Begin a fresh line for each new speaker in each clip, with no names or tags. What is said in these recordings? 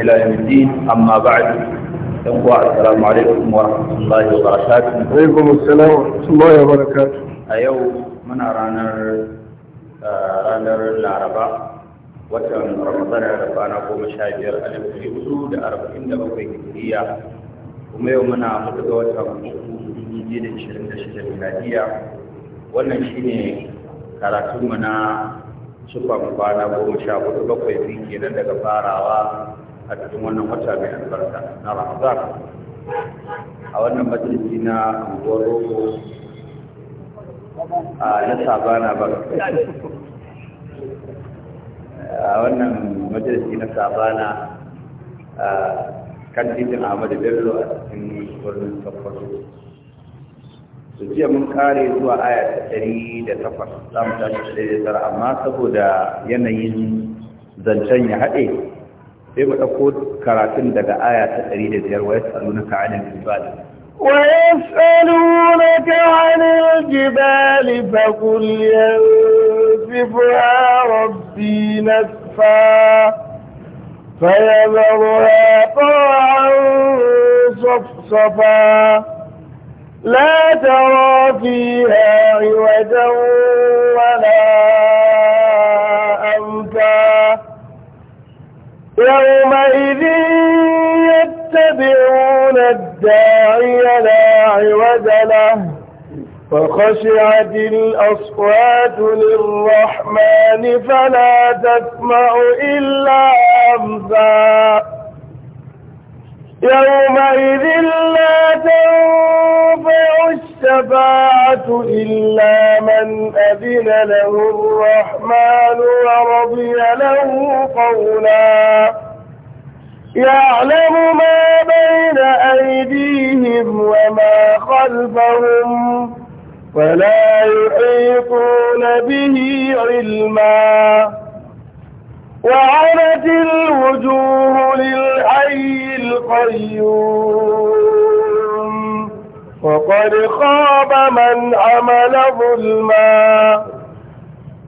إلى يوم الدين أما بعد السلام عليكم ورحمة الله وبركاته عليكم السلام ورحمة الله وبركاته أيو من أرانا ranar laraba watan ramadana da kwana goma sha biyar a lafi hudu da arba'in da bakwai kuma yau muna mutu ga watan uku dubu biyu da ishirin da shida miladiya wannan shine karatunmu na cikon kwana goma sha hudu bakwai biyu kenan daga farawa a cikin wannan wata mai albarka na ramadan a wannan majalisi na unguwar a na sabana ba a wannan majalisi na sabana a kan titin ahmadu bello a cikin wurin sokoto su jiya mun kare zuwa aya ta ɗari da takwas za mu tashi da ɗari da amma saboda yanayin zancen ya haɗe sai mu ɗauko karatun daga aya ta ɗari da biyar wa yas'alunaka 'anil jibali
ويسألونك عن الجبال فقل ينسفها ربي نسفا
فيذرها
طاعا صفصفا لا ترى فيها عوجا ولا يومئذ يتبعون الداعي لا عوج له فخشعت الأصوات للرحمن فلا تسمع إلا همسا
يومئذ
لا تنفع الشفاعة إلا من أذن له الرحمن ورضي له قولا يعلم ما بين أيديهم وما خلفهم ولا يحيطون به علما وعنت الوجوه للحي القيوم
وقد خاب
من عمل ظلما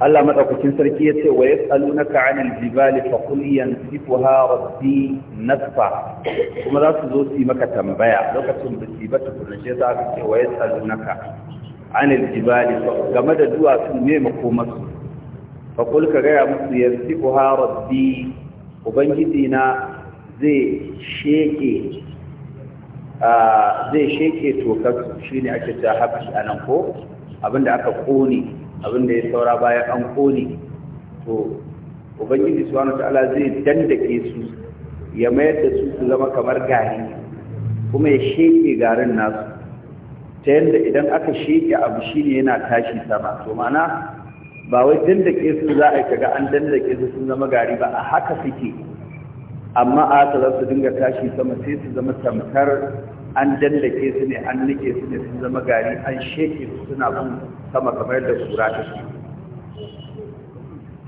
الله ما تقولين سركية ويسألونك عن الجبال فقل ينسفها ربي نسفا ثم لا تزوسي مكة تنبيع لو كتم بسيبتك ويسألونك عن الجبال فقل ماذا دوا في الميم قومته faƙul ka gaya musu yanzu ha rabbi ubangiji na zai sheke zai sheke tokar shi ne ake ta haɓi a nan ko abinda aka kone abinda ya saura bayan an kone to ubangiji su wani ta'ala zai dandake su ya mayar da su su zama kamar gari kuma ya sheke garin nasu ta yadda idan aka sheke abu shi ne yana tashi sama to mana ba wai dindake su za a yi kaga an dindake su sun zama gari ba a haka suke amma a haka za su dinga tashi sama sai su zama tamkar an dindake su ne an nike su ne sun zama gari an sheke su suna bin sama kamar da kura ta su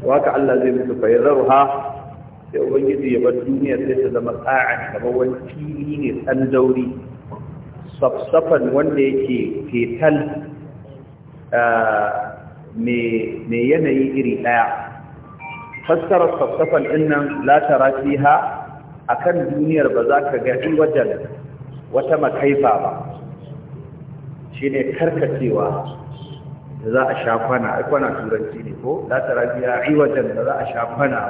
waka Allah zai musu fayyazar ha sai ubangiji ya bar duniya sai ta zama tsa'an kamar wani fili ne ɗan dauri safsafan wanda yake fetal eh, mai yanayi iri ɗaya Fassara fassafan innan la tara fiha akan duniyar ba za ka ga wajen wata makaifa ba Shi shine karkacewa da za a sha kwana ai kwana turanci ne ko latara tara fiha wajen da za a shafana.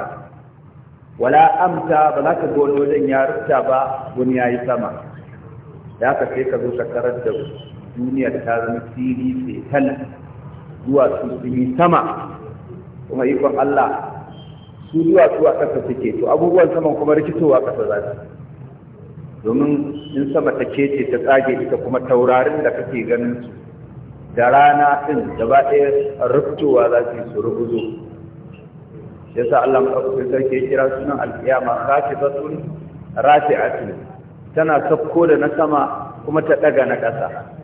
wala amta ba za ka ga wajen ya rufta ba wani ya yi sama da haka sai ka zo ka karar da duniyar ta zama fili fetal zuwa sun sama kuma ikon Allah su zuwa a kasa suke to abubuwan saman kuma rikitowa kasa za su domin in sama ta kece ta tsage ita kuma taurarin da kake ganin su da rana ɗin gaba ɗaya rikitowa za su yi su rubuzo sa Allah maɗaukakin sarki ya kira sunan alƙiyama rafi rafi'atun tana sauko da na sama kuma ta ɗaga na ƙasa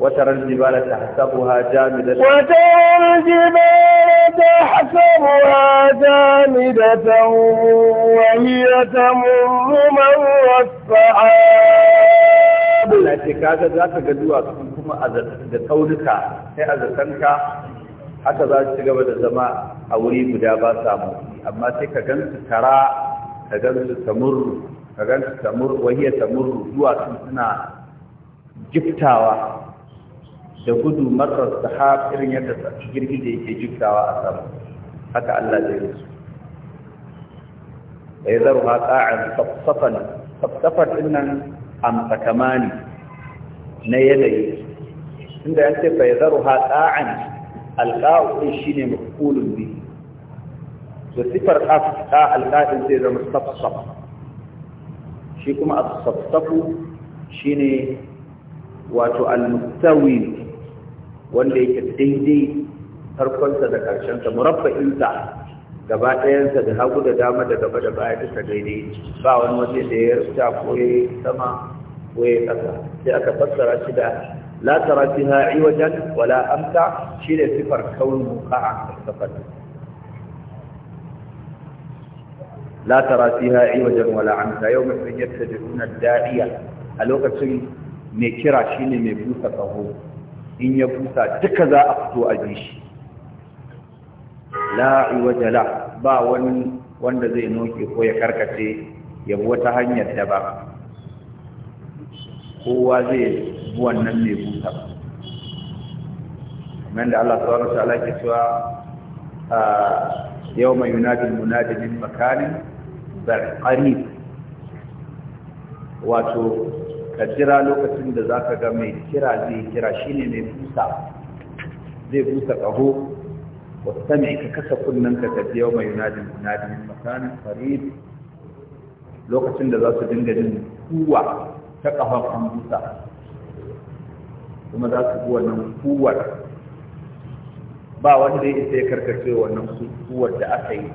وترى الجبال تحسبها جامدة
وترى الجبال تحسبها جامدة وهي تمر
مر السحاب التي كانت ذات قدوة كما أذتونك هي أذتنك haka za su ci gaba da zama a wuri guda ba samu amma sai ka gansu tara ka gansu tamurru suna jiftawa da gudu marar sahab irin yadda girgije yake jikawa a sama haka Allah zai yi su da ya zaru haka a safsafan safsafan dinnan amsakamani na yanayi inda ya ce bai ya zaru ha an alƙa'u shi ne makulun bi da sifar ƙafuka alƙa'in zai zama safsaf shi kuma a safsafu shi ne wato al wanda yake daidai farkonsa da ƙarshensa murabba'insa gaba ɗayansa da hagu da dama da gaba da baya duka daidai ba wani waje da ya rubuta ko ya yi sama ko ya ƙasa sai aka fassara shi da la tara fiha iwajan wala amta shi ne sifar kauni muqa'a sifar la tara fiha iwajan wala amta yawm yattajiruna ad-da'iya a lokacin mai kira shine mai busa kaho in ya busa duka za a fito a ji shi jala. ba wani wanda zai noke ko ya karkace ya bi wata hanyar da ba kowa zai bi wannan mai fusa kamar da Allah subhanahu wa ke cewa ah, yau mai yunadin munadin makanin bar qarib wato ka jira lokacin da za ka ga mai kira zai kira shi ne mai busa zai busa ƙaho wata mai ka kasa kunnen ka tafiya mai yunadin yunadin makanin farid lokacin da za su dinga jin kuwa ta ƙafan an busa kuma za su bi wannan kuwar ba wanda ya isa ya karkace wannan kuwar da aka yi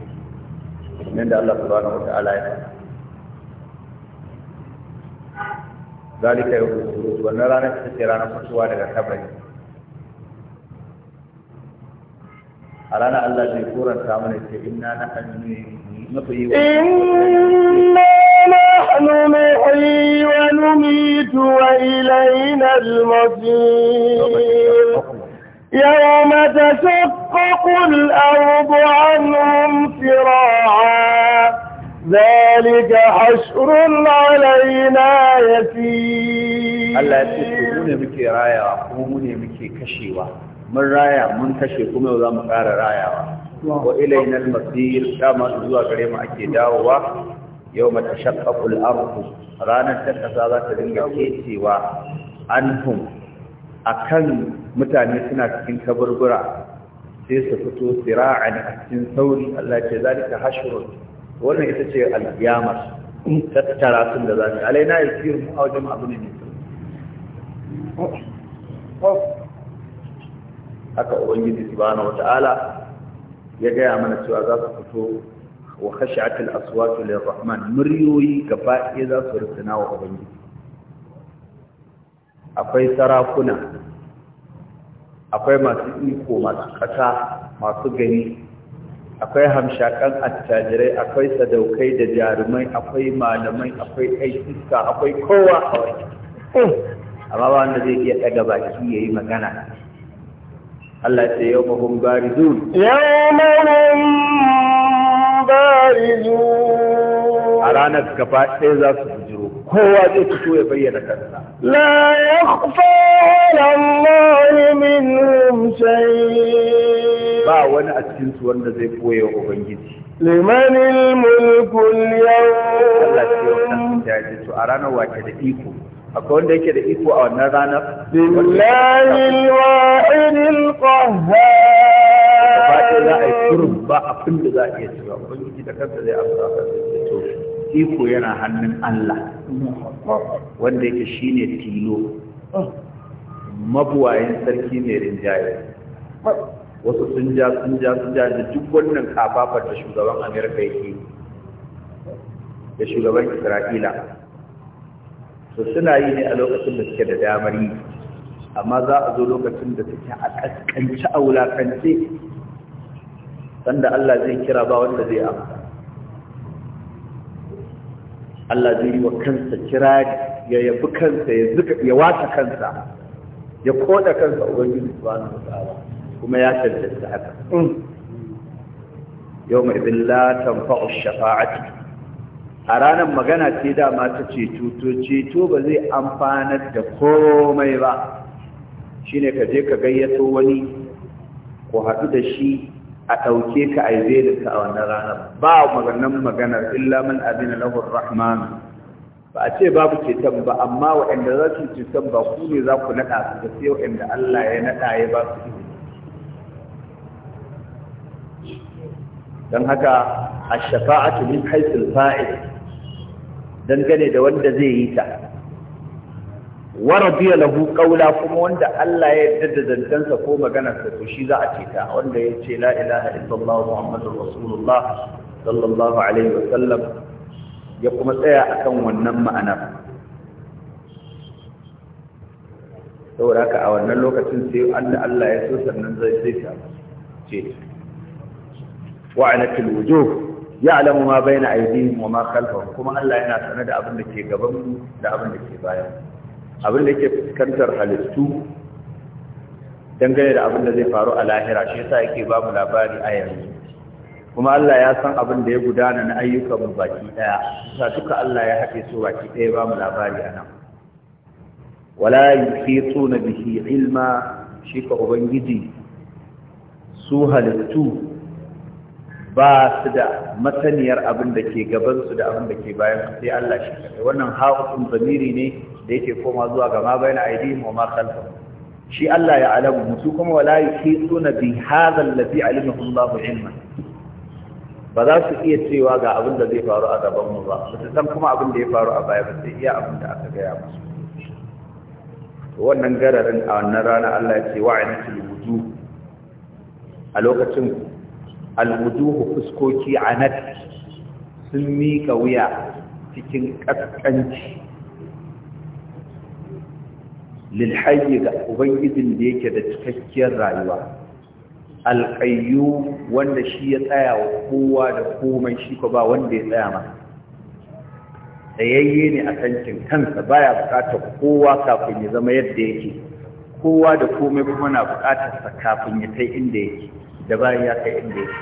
kamar da Allah subhanahu wa ta'ala ya faɗa ذلك يوم الخروج لا نفس السيران خطوة إلى قبره أرانا الله ذكورا كاملا إنا نحن نحيي
إنا نحن نحيي ونميت وإلينا المصير يوم تشقق الأرض ذلك
حشر علينا يسير الله يسير mu ne muke rayawa kuma mu ne muke kashewa mun raya mun kashe kuma za mu ƙara rayawa wa ilayna al-masir dama zuwa gare mu ake dawowa yau mata shaqqaqul ardu ranar da za ta dinga kecewa anhum akan mutane suna cikin kaburbura sai su fito sira'an a cikin sauri Allah ya ce zalika hashrun wannan ita ce ta tara sun da za alai alaina ya fiye mu a wajen abu ne ne haka ubangiji subhanahu wata'ala ya gaya mana cewa za su fito wa khashi'atul aswatu rahman muryoyi gaba ɗaya za su rufina wa ubangiji akwai sarakuna akwai masu iko masu ƙasa masu gani akwai hamshakan attajirai akwai sadaukai da jarumai akwai malamai akwai iska akwai kowa a wani amma ba wanda zai iya daga baki ya yi magana Allah ce yau mahun barizun yau mahun a ranar gabaɗaya za su fi kowa zai ya bayyana kansa
la ba wani a
cikin wanda zai koya wa yau a ranar wake da iko akwai wanda yake da iko a wannan ranar billahi wa'idil
qahhar faɗi za a yi
kurum ba abin da za a iya cewa ubangiji da kansa zai amsa ka to iko yana hannun Allah wanda yake shine tilo mabuwayin sarki ne rinjaye wasu sun ja sun ja sun ja da duk wannan kafafar da shugaban Amerika yake da shugaban Isra'ila to suna yi ne a lokacin da suke da damar yi amma za a zo lokacin da suke a kaskance a wulakance sanda Allah zai kira ba wanda zai amsa Allah zai yi wa kansa kira ya yabi kansa ya zuka ya wata kansa ya koda kansa ubangiji subhanahu wataala kuma ya tantance haka mm. yawma idin la tanfa'u shafa'atu a ranar magana ce dama ta ceto to ceto ba zai amfanar da komai ba shine ka je ka gayyato wani ko haɗu da shi a ɗauke ka a yi ka a wannan ranar ba maganan maganar illa man abin lahu rahman ba a ce babu ceton ba amma waɗanda za su ceton ba ku ne za ku naɗa su da sai waɗanda Allah ya naɗa ya ba su don haka a shafa'atu min haisul fa'il dangane da wanda zai yi ta wa radiya lahu qawla kuma wanda Allah ya yarda da zantansa ko maganarsa to shi za a ce ta wanda ya ce la ilaha illallah muhammadur rasulullah sallallahu alaihi wa sallam ya kuma tsaya akan wannan ma'ana saboda haka a wannan lokacin sai wanda Allah ya so sannan zai sai ta ce wa alatul wujuh ya'lamu ma bayna aydihim wa ma khalfahum kuma Allah yana sanar da abin da ke gaban da abin da ke bayan abin da yake fuskantar halittu dangane da abin da zai faru a lahira shi yasa yake ba mu labari a yanzu kuma Allah ya san abin da ya gudana na ayyukan mu baki daya sa duka Allah ya haɗe su baki daya ba labari anan wala yuhituna bihi ilma shi ubangiji su halittu ba su da masaniyar abin da ke gabansu da abin da ke bayan sai Allah shi kaɗai wannan haƙun zamiri ne da yake koma zuwa ga ma bayna aidihim wa ma khalfahum shi Allah ya alamu musu kuma wala yuhituna bi hadha alladhi alimahu Allahu ilman ba za su iya cewa ga abin da zai faru a gaban mu ba su san kuma abin da ya faru a baya ba sai iya abin da aka gaya musu wannan gararin a wannan rana Allah ya ce wa'inatul wujuh a lokacin alwujuhu fuskoki anat sun mika wuya cikin kaskanci lilhayi ga ubangijin da yake da cikakkiyar rayuwa alƙayyu wanda shi ya tsaya wa kowa da komai shi ko ba wanda ya tsaya masa tsayayye ne a kankin kansa baya buƙatar kowa kafin ya zama yadda yake kowa da komai kuma na buƙatar sa kafin ya kai inda yake da bayan ya kai inda yake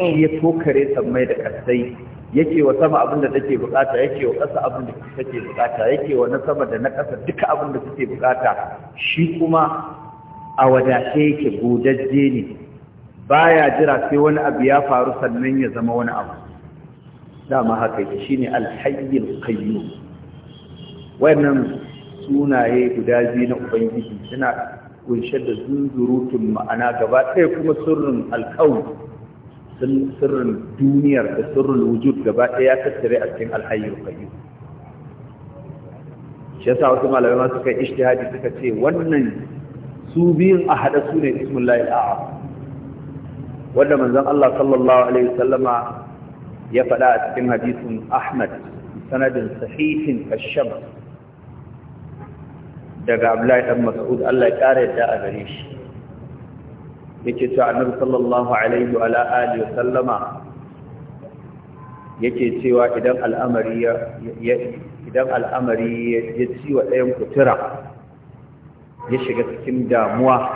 shi ya tokare sammai da kasai yake wa sama abin da take bukata yake wa ƙasa abin da take bukata yake wa na sama da na ƙasa duka abin da take bukata shi kuma a wadace yake godajje ne baya jira sai wani abu ya faru sannan ya zama wani abu dama haka yake shine alhayyul qayyum wannan sunaye guda biyu na ubangiji suna kunshe da zunzurutun ma'ana gaba ɗaya kuma sirrin alƙawari sirrin duniyar da sirrin wujud gaba ɗaya ya tattare a cikin alhayyul kayu shi yasa wasu malamai ma suka yi suka ce wannan su biyun a hada su ne ismullahi al'a wanda manzon Allah sallallahu alaihi wasallama ya faɗa a cikin hadisin Ahmad sanadin sahihin ash-shams daga Abdullahi dan Mas'ud Allah ya kare da a gare shi yake cewa annabi sallallahu alaihi wa alihi wa sallama yake cewa idan al'amari ya idan al'amari ya ci wa ɗayan kutura ya shiga cikin damuwa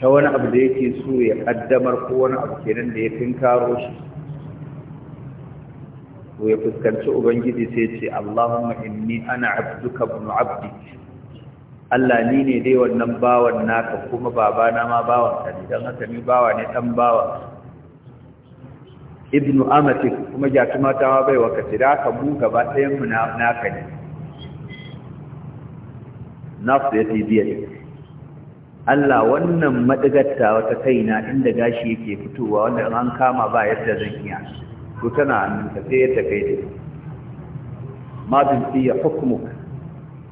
ta wani abu da yake so ya kaddamar ko wani abu kenan da ya tinkaro shi ko ya fuskanci ubangiji sai ce Allahumma inni ana abduka ibn abdik Allah ni ne dai wannan bawan naka kuma babana ma bawan ka ne dan haka ni bawa ne dan bawa ibnu amati kuma kuma ta bai wa kace da ka mu gaba ɗayan mu naka ne nafsu ya tibiya Allah wannan madigatta wata kaina inda gashi yake fitowa wanda an kama ba yadda zan iya to tana hannunka sai ya tafi ma bin fiye hukumuk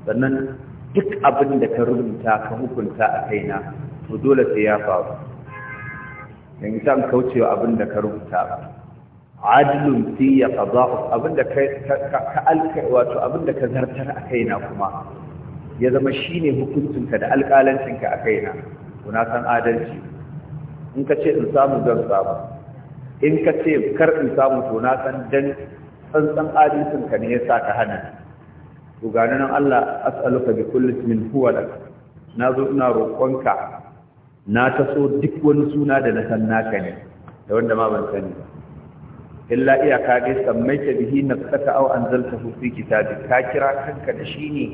sannan duk abin da ka rubuta ka hukunta a kaina to dole sai ya faru in san kaucewa abin da ka rubuta adlun fi ya qada abin da ka ka alka wato abin da ka zartar a kaina kuma ya zama shine ka da alƙalancinka a kaina kuna san adalci in ka ce in samu zan samu in ka ce kar in samu to na san dan tsantsan adalcinka ne yasa ka hana to nan Allah as'aluka bi kulli ismin huwa lak nazo ina roƙonka na taso duk wani suna da na san naka ne da wanda ma ban sani Illa iya iyaka dai sammaita bihi nafsaka aw anzaltahu fi kitabik ka kira kanka da shi ne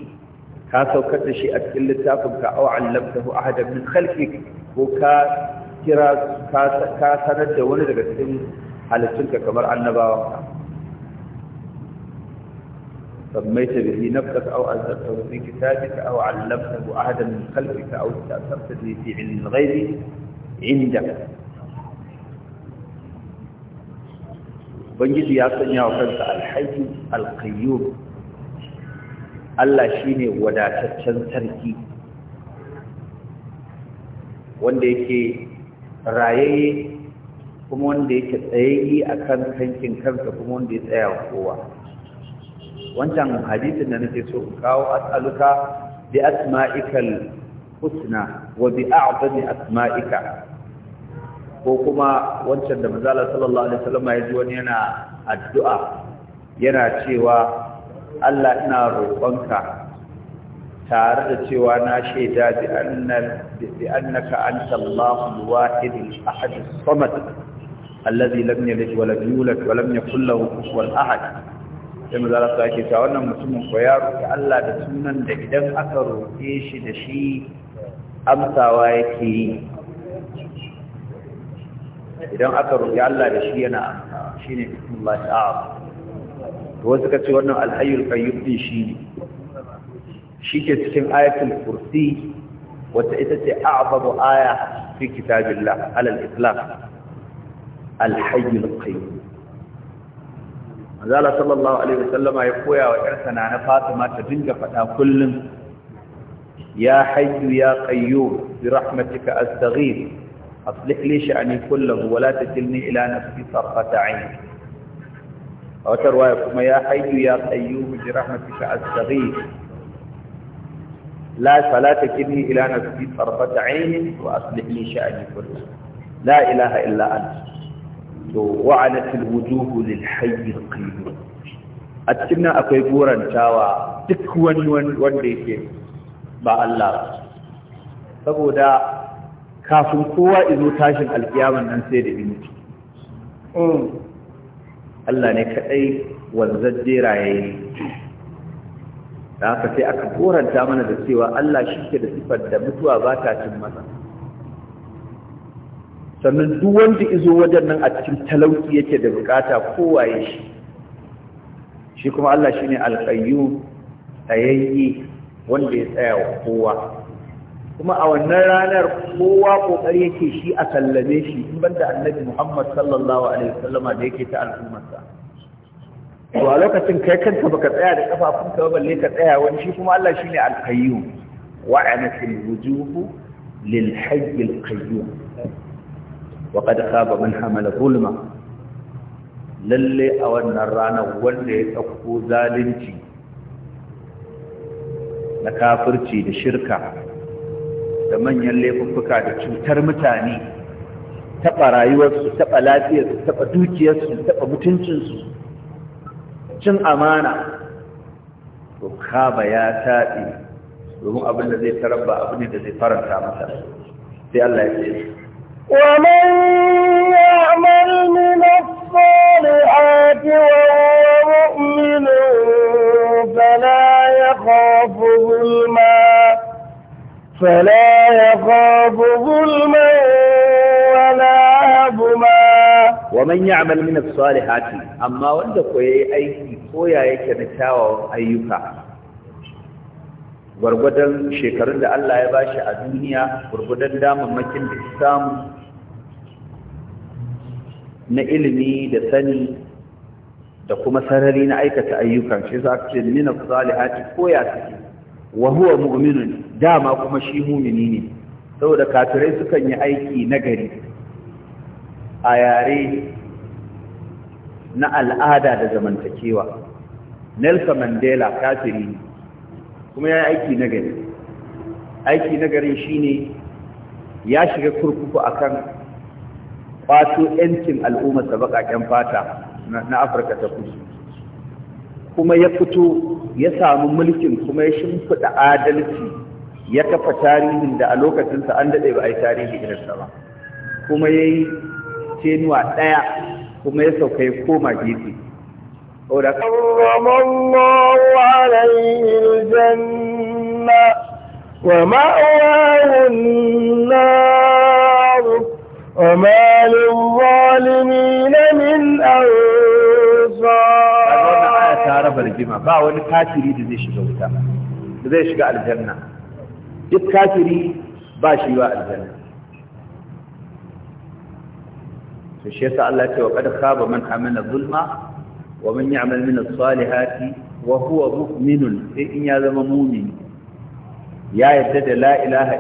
ka saukar da shi a cikin ka aw allamtahu ahadan min khalqik ko ka kira ka sanar da wani daga cikin halittunka kamar annabawa سميت به نفسك أو أنزلته في كتابك أو علمته أحدا من خلفك أو استأثرت به في علم الغيب عندك بنجد يا سنيا وفنك الحي القيوم الله شيني ودا تتشن تركي وانديك رايي كم وانديك تأيي أكان كنكين كنك كم وانديك تأيي wancan hadisin da nake so kawo as'aluka bi asma'ikal husna wa bi a'zami asma'ika ko kuma wancan da manzala sallallahu alaihi wasallam ya ji wani yana addu'a yana cewa Allah ina roƙonka tare da cewa na shaida bi annal bi annaka anta Allahul wahid al-ahad as-samad alladhi lam yalid wa lam yulad wa lam yakul lahu kufuwan ahad sai mu zara sake ta wannan mutumin ko ya roƙi Allah da sunan da idan aka roƙe shi da shi amsawa yake yi idan aka roƙi Allah da shi yana amsawa shi shine bismillah ta'ala to wasu ka ce wannan alhayyul qayyum din shi shi ke cikin ayatul kursi wata ita ce babu aya fi kitabin alal islam alhayyul qayyum manzala sallallahu alaihi wasallama ya koya wa ƴarsa na na fatima ta dinga faɗa kullum ya hayyu ya qayyum bi rahmatika astaghith aslih li sha'ni kullahu wa la takilni ila nafsi tarfata 'ayn a wata kuma ya hayyu ya qayyum bi rahmatika astaghith لا فلا تكلني إلى نفسي طرفة عين وأصلح لي شأني كله لا ilaha illa أنت to wa'anatil wujuhu lil hayyil qayyum a cikin nan akwai gorantawa duk wani wanda yake ba Allah saboda kafin kowa izo tashin alkiyaman nan sai da imuti Allah ne kadai wanzar jeraye da haka sai aka goranta mana da cewa Allah shi ke da sifar da mutuwa ba ta cin masa sannan duk wanda izo wajen nan a cikin talauci yake da bukata kowaye shi shi kuma Allah shi ne alƙayyu tsayayye wanda ya tsaya wa kowa kuma a wannan ranar kowa ƙoƙari yake shi a sallame shi in banda annabi Muhammad sallallahu alaihi wasallama da yake ta al'ummarsa to a lokacin kai kanka baka tsaya da kafafunka ba balle ka tsaya wani shi kuma Allah shine alqayyum wa anatil wujuhu lil hayy al qayyum wa qad khaba man hamala zulma lalle a wannan ranar wanda ya dauko zalunci na kafirci da shirka da manyan laifuffuka da cutar mutane taɓa rayuwarsu taɓa lafiyarsu taɓa dukiyarsu taɓa mutuncinsu cin amana to kaba ya taɗi domin abin da zai tarabba abin da zai faranta masa sai Allah ya ce
ومن يعمل من الصالحات وهو مؤمن فلا يخاف ظلما فلا يخاف ظلما ولا هضما
ومن يعمل من الصالحات أما وندق أي أي كويا يكن تاوى أيكا gwargwadon shekarun da Allah ya bashi a duniya gwargwadon damammakin da samu na ilimi da sani da kuma sarari na aikata ayyukan shi za ka ce mina salihati koya suke wa huwa mu'minun dama kuma shi mumini ne saboda kafirai sukan yi aiki na gari. a yare na al'ada da zamantakewa Nelson Mandela kafiri ne kuma ya yi aiki na gari aiki na gari shine ya shiga kurkuku akan kwato yancin al'ummar da baƙaƙen fata na afirka ta kudu kuma ya fito ya samu mulkin kuma ya shimfiɗa adalci ya kafa tarihin da a lokacinsa an daɗe ba a yi tarihi irinsa ba kuma ya yi tenuwa ɗaya kuma ya sauka ya koma gefe
حرم الله عليه الجنة ومأواه النار وما للظالمين من أنصار
با وانا كاتري دي زي شغل وطا دي شغل الجنة جد كاتري با شواء الجنة الشيخ الله يقول وقد خاب من حمل wa wa huwa mu'minun sai in ya zama mu'mini ya yadda da la ilaha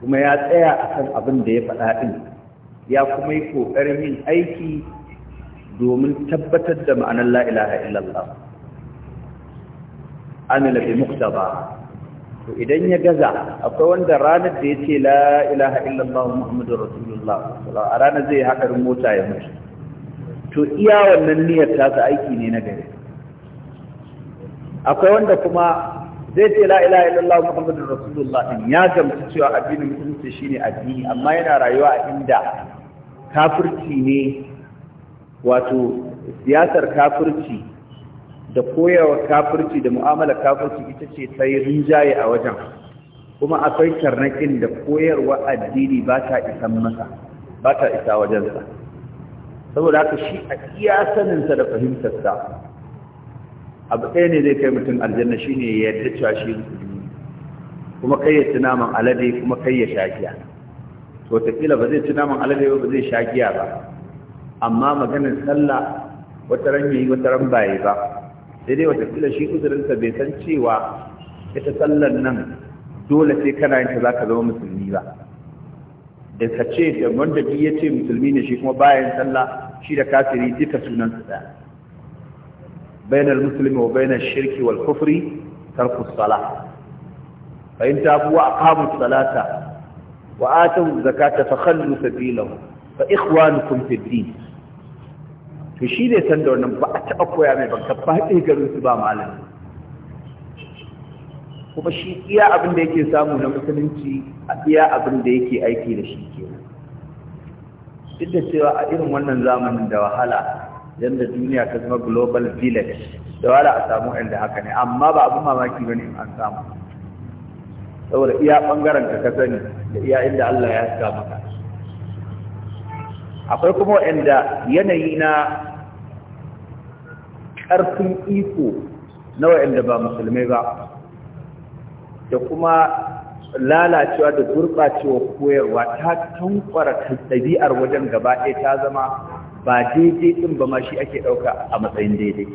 kuma ya tsaya akan abin da ya faɗa din ya kuma yi kokarin yin aiki domin tabbatar da ma'anar la ilaha illallah bi to idan ya gaza akwai wanda ranar da ya ce la ilaha illallah muhammadu rasulullah a ranar zai hakarin mota ya mutu to iya wannan niyyar tasa aiki ne na gari akwai wanda kuma zai ce la ilaha illallah muhammadu rasulullah in ya gamsu cewa addinin musulunci shine addini amma yana rayuwa a inda kafirci ne wato siyasar kafirci da koyawa kafirci da mu'amala kafirci ita ce ta yi rinjaye a wajen kuma akwai karnakin da koyarwa addini ba ta isa masa ba ta isa wajensa saboda haka shi a iya saninsa da fahimtarsa abu ɗaya ne zai kai mutum aljanna shine ya yarda cewa shi kuma kai ya ci naman alade kuma kai ya sha giya to tafila ba zai ci naman alade ba zai sha giya ba amma maganar sallah wata ran yayi wata ran baye ba sai dai watakila shi uzurinsa bai san cewa ita sallar nan dole sai kana yin ta za ka zama musulmi ba da ka ce da wanda ya ce musulmi ne shi kuma bayan sallah shi da kafiri duka sunan su ɗaya bainal muslimi wa bainal shirki wal kufri tarku salah fa in tabu wa aqamu salata wa atu zakata fa khallu sabilahu fa ikhwanukum fid din to shi ne san da wannan ba a taɓa koya mai banka ba haɗe garin su ba malami kuma shi iya abin da yake samu na musulunci a iya abin da yake aiki da shi kenan duk da cewa a irin wannan zamanin da wahala yadda duniya ta zama global village da wahala a samu inda haka ne amma ba abin mamaki ba ne an samu saboda iya ɓangaren ka sani da iya inda Allah ya sa maka akwai kuma waɗanda yanayi na ƙarfin iko na waɗanda ba musulmai ba da kuma lalacewa da gurɓacewa koyarwa ta tankwara ɗabi'ar wajen gaba ɗaya ta zama ba daidai ɗin ba ma shi ake ɗauka a matsayin daidai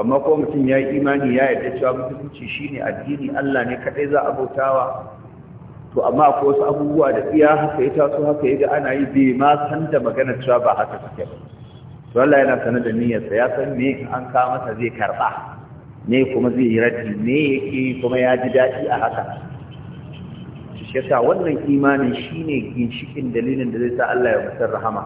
amma ko mutum ya yi imani ya yarda cewa shi ne addini Allah ne kaɗai za a bautawa to amma akwai wasu abubuwa da iya haka ya taso haka ya ga ana yi bai ma san da magana cewa ba haka suke ba to Allah yana sanar da niyyarsa ya san me an kawo masa zai karba ne kuma zai yi raddi ne yake kuma ya ji daɗi a haka shi yasa wannan imanin shine ginshikin dalilin da zai sa Allah ya masa rahama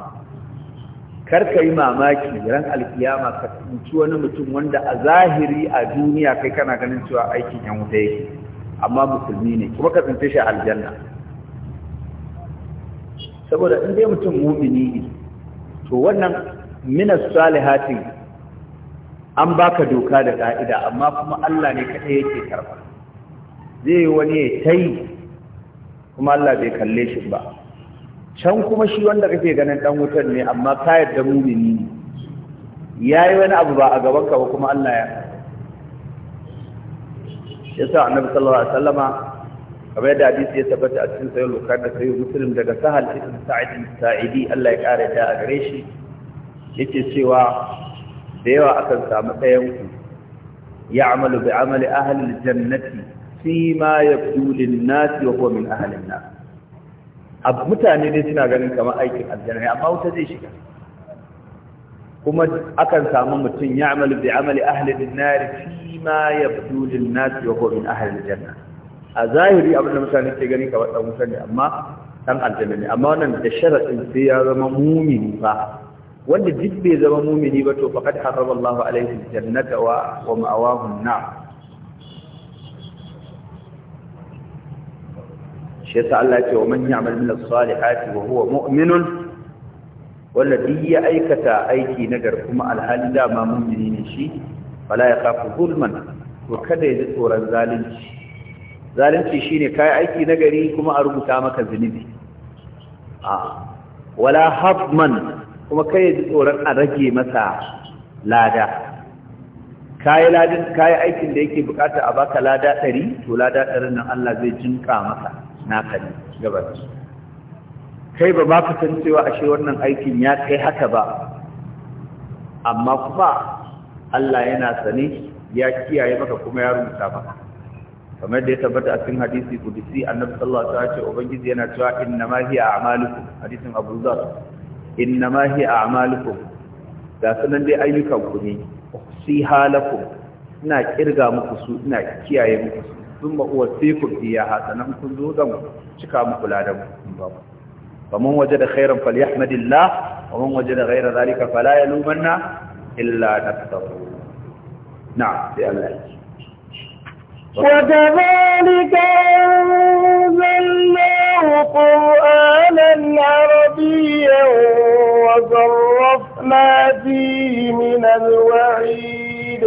kar ka yi mamaki ran alkiyama ka tuntu wani mutum wanda a zahiri a duniya kai kana ganin cewa aikin yan wuta yake amma musulmi ne kuma ka tsince shi aljanna saboda in dai mutum mumini ne to wannan minas salihati an baka doka da ka'ida amma kuma Allah ne kaɗai yake karɓa zai yi wani ya tai kuma Allah bai kalle shi ba can kuma shi wanda kake ganin dan wutar ne amma ka yadda mumini ne yayi wani abu ba a gaban ka ba kuma Allah ya yasa annabi sallallahu alaihi wasallama kamar yadda hadisi ya tabbata a cikin sahih bukhari da sahih muslim daga sahal ibn sa'id sa'idi Allah ya kare ta a gare shi yake cewa da yawa akan samu ɗayan ku ya'malu bi amali ahli aljannati fi ma ya lin nasi wa huwa min ahli an mutane dai suna ganin kamar aikin aljanna amma wuta zai shiga kuma akan samu mutum ya amalu bi amali ahli nari fi ma yabdu lin nas wa huwa min janna a zahiri abin da mutane ke gani kamar dan wuta ne amma dan aljanna ne amma wannan da sharadin sai ya zama mumini ba wanda duk bai zama mumini ba to faqad harrama Allahu alaihi aljannata wa wa ma'awahu an shi yasa Allah ya ce wa man ya'mal min as-salihati wa huwa mu'minun wanda duk ya aikata aiki na gar kuma alhali dama mummuni ne shi wala ya kafa zulman to kada ya ji tsoron zalunci zalunci shine kai aiki na gari kuma a rubuta maka zunubi a wala hafman kuma kai ya ji tsoron a rage masa lada kayi ladin kayi aikin da yake bukata a baka lada 100 to lada 100 nan Allah zai jinka maka naka ne gaba kai ba ba ka san cewa ashe wannan aikin ya kai haka ba amma kuma Allah yana sani ya kiyaye maka kuma ya rubuta maka kamar da ya tabbata a cikin hadisi kudisi annabi sallallahu alaihi wasallam ubangiji yana cewa innama hiya a'malukum hadisin Abu Dhar innama hiya a'malukum da sanan dai ayyukan ku ne si halakum ina kirga muku su ina kiyaye muku su sai ku biya hasanan kun zo zan cika muku ladan ku ba فمن وجد خيرا فليحمد الله ومن وجد غير ذلك فلا يلومن إلا نفسه نعم في الله
وكذلك أنزلناه قرآنا عربيا وصرفنا فيه من الوعيد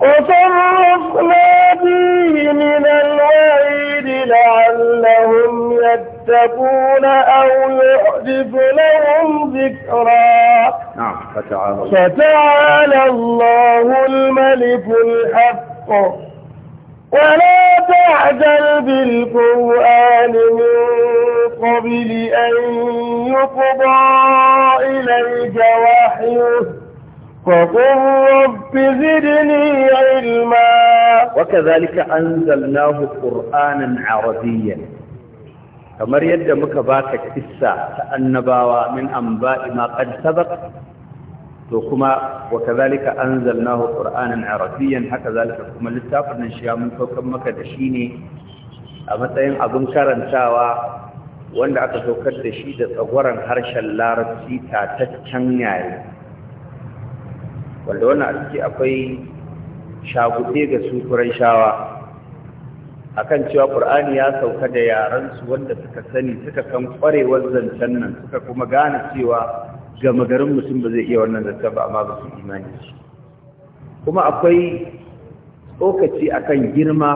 وصرفنا فيه من الوعيد لعلهم يتقون يتقون أو يحدث لهم ذكرا نعم فتعالى فتعالى الله الملك الحق ولا تعجل بالقرآن من قبل أن يقضى إليك وحيه فقل رب زدني
علما وكذلك أنزلناه قرآنا عربيا kamar yadda muka baka kissa ta annabawa min anba'i ma qad to kuma wa kadhalika anzalnahu qur'anan arabiyyan haka zalika kuma littafin nan shi ya mun maka da shi ne a matsayin abin karantawa wanda aka saukar da shi da tsagwaron harshen larabci can yare wanda wannan a ciki akwai shagube ga sukuran shawa akan cewa Qur'ani ya sauka da yaran su wanda suka sani suka san kwarewar zancen nan suka kuma gane cewa ga magarin mutum ba zai iya wannan zancen ba amma ba su imani kuma akwai tsokaci akan girma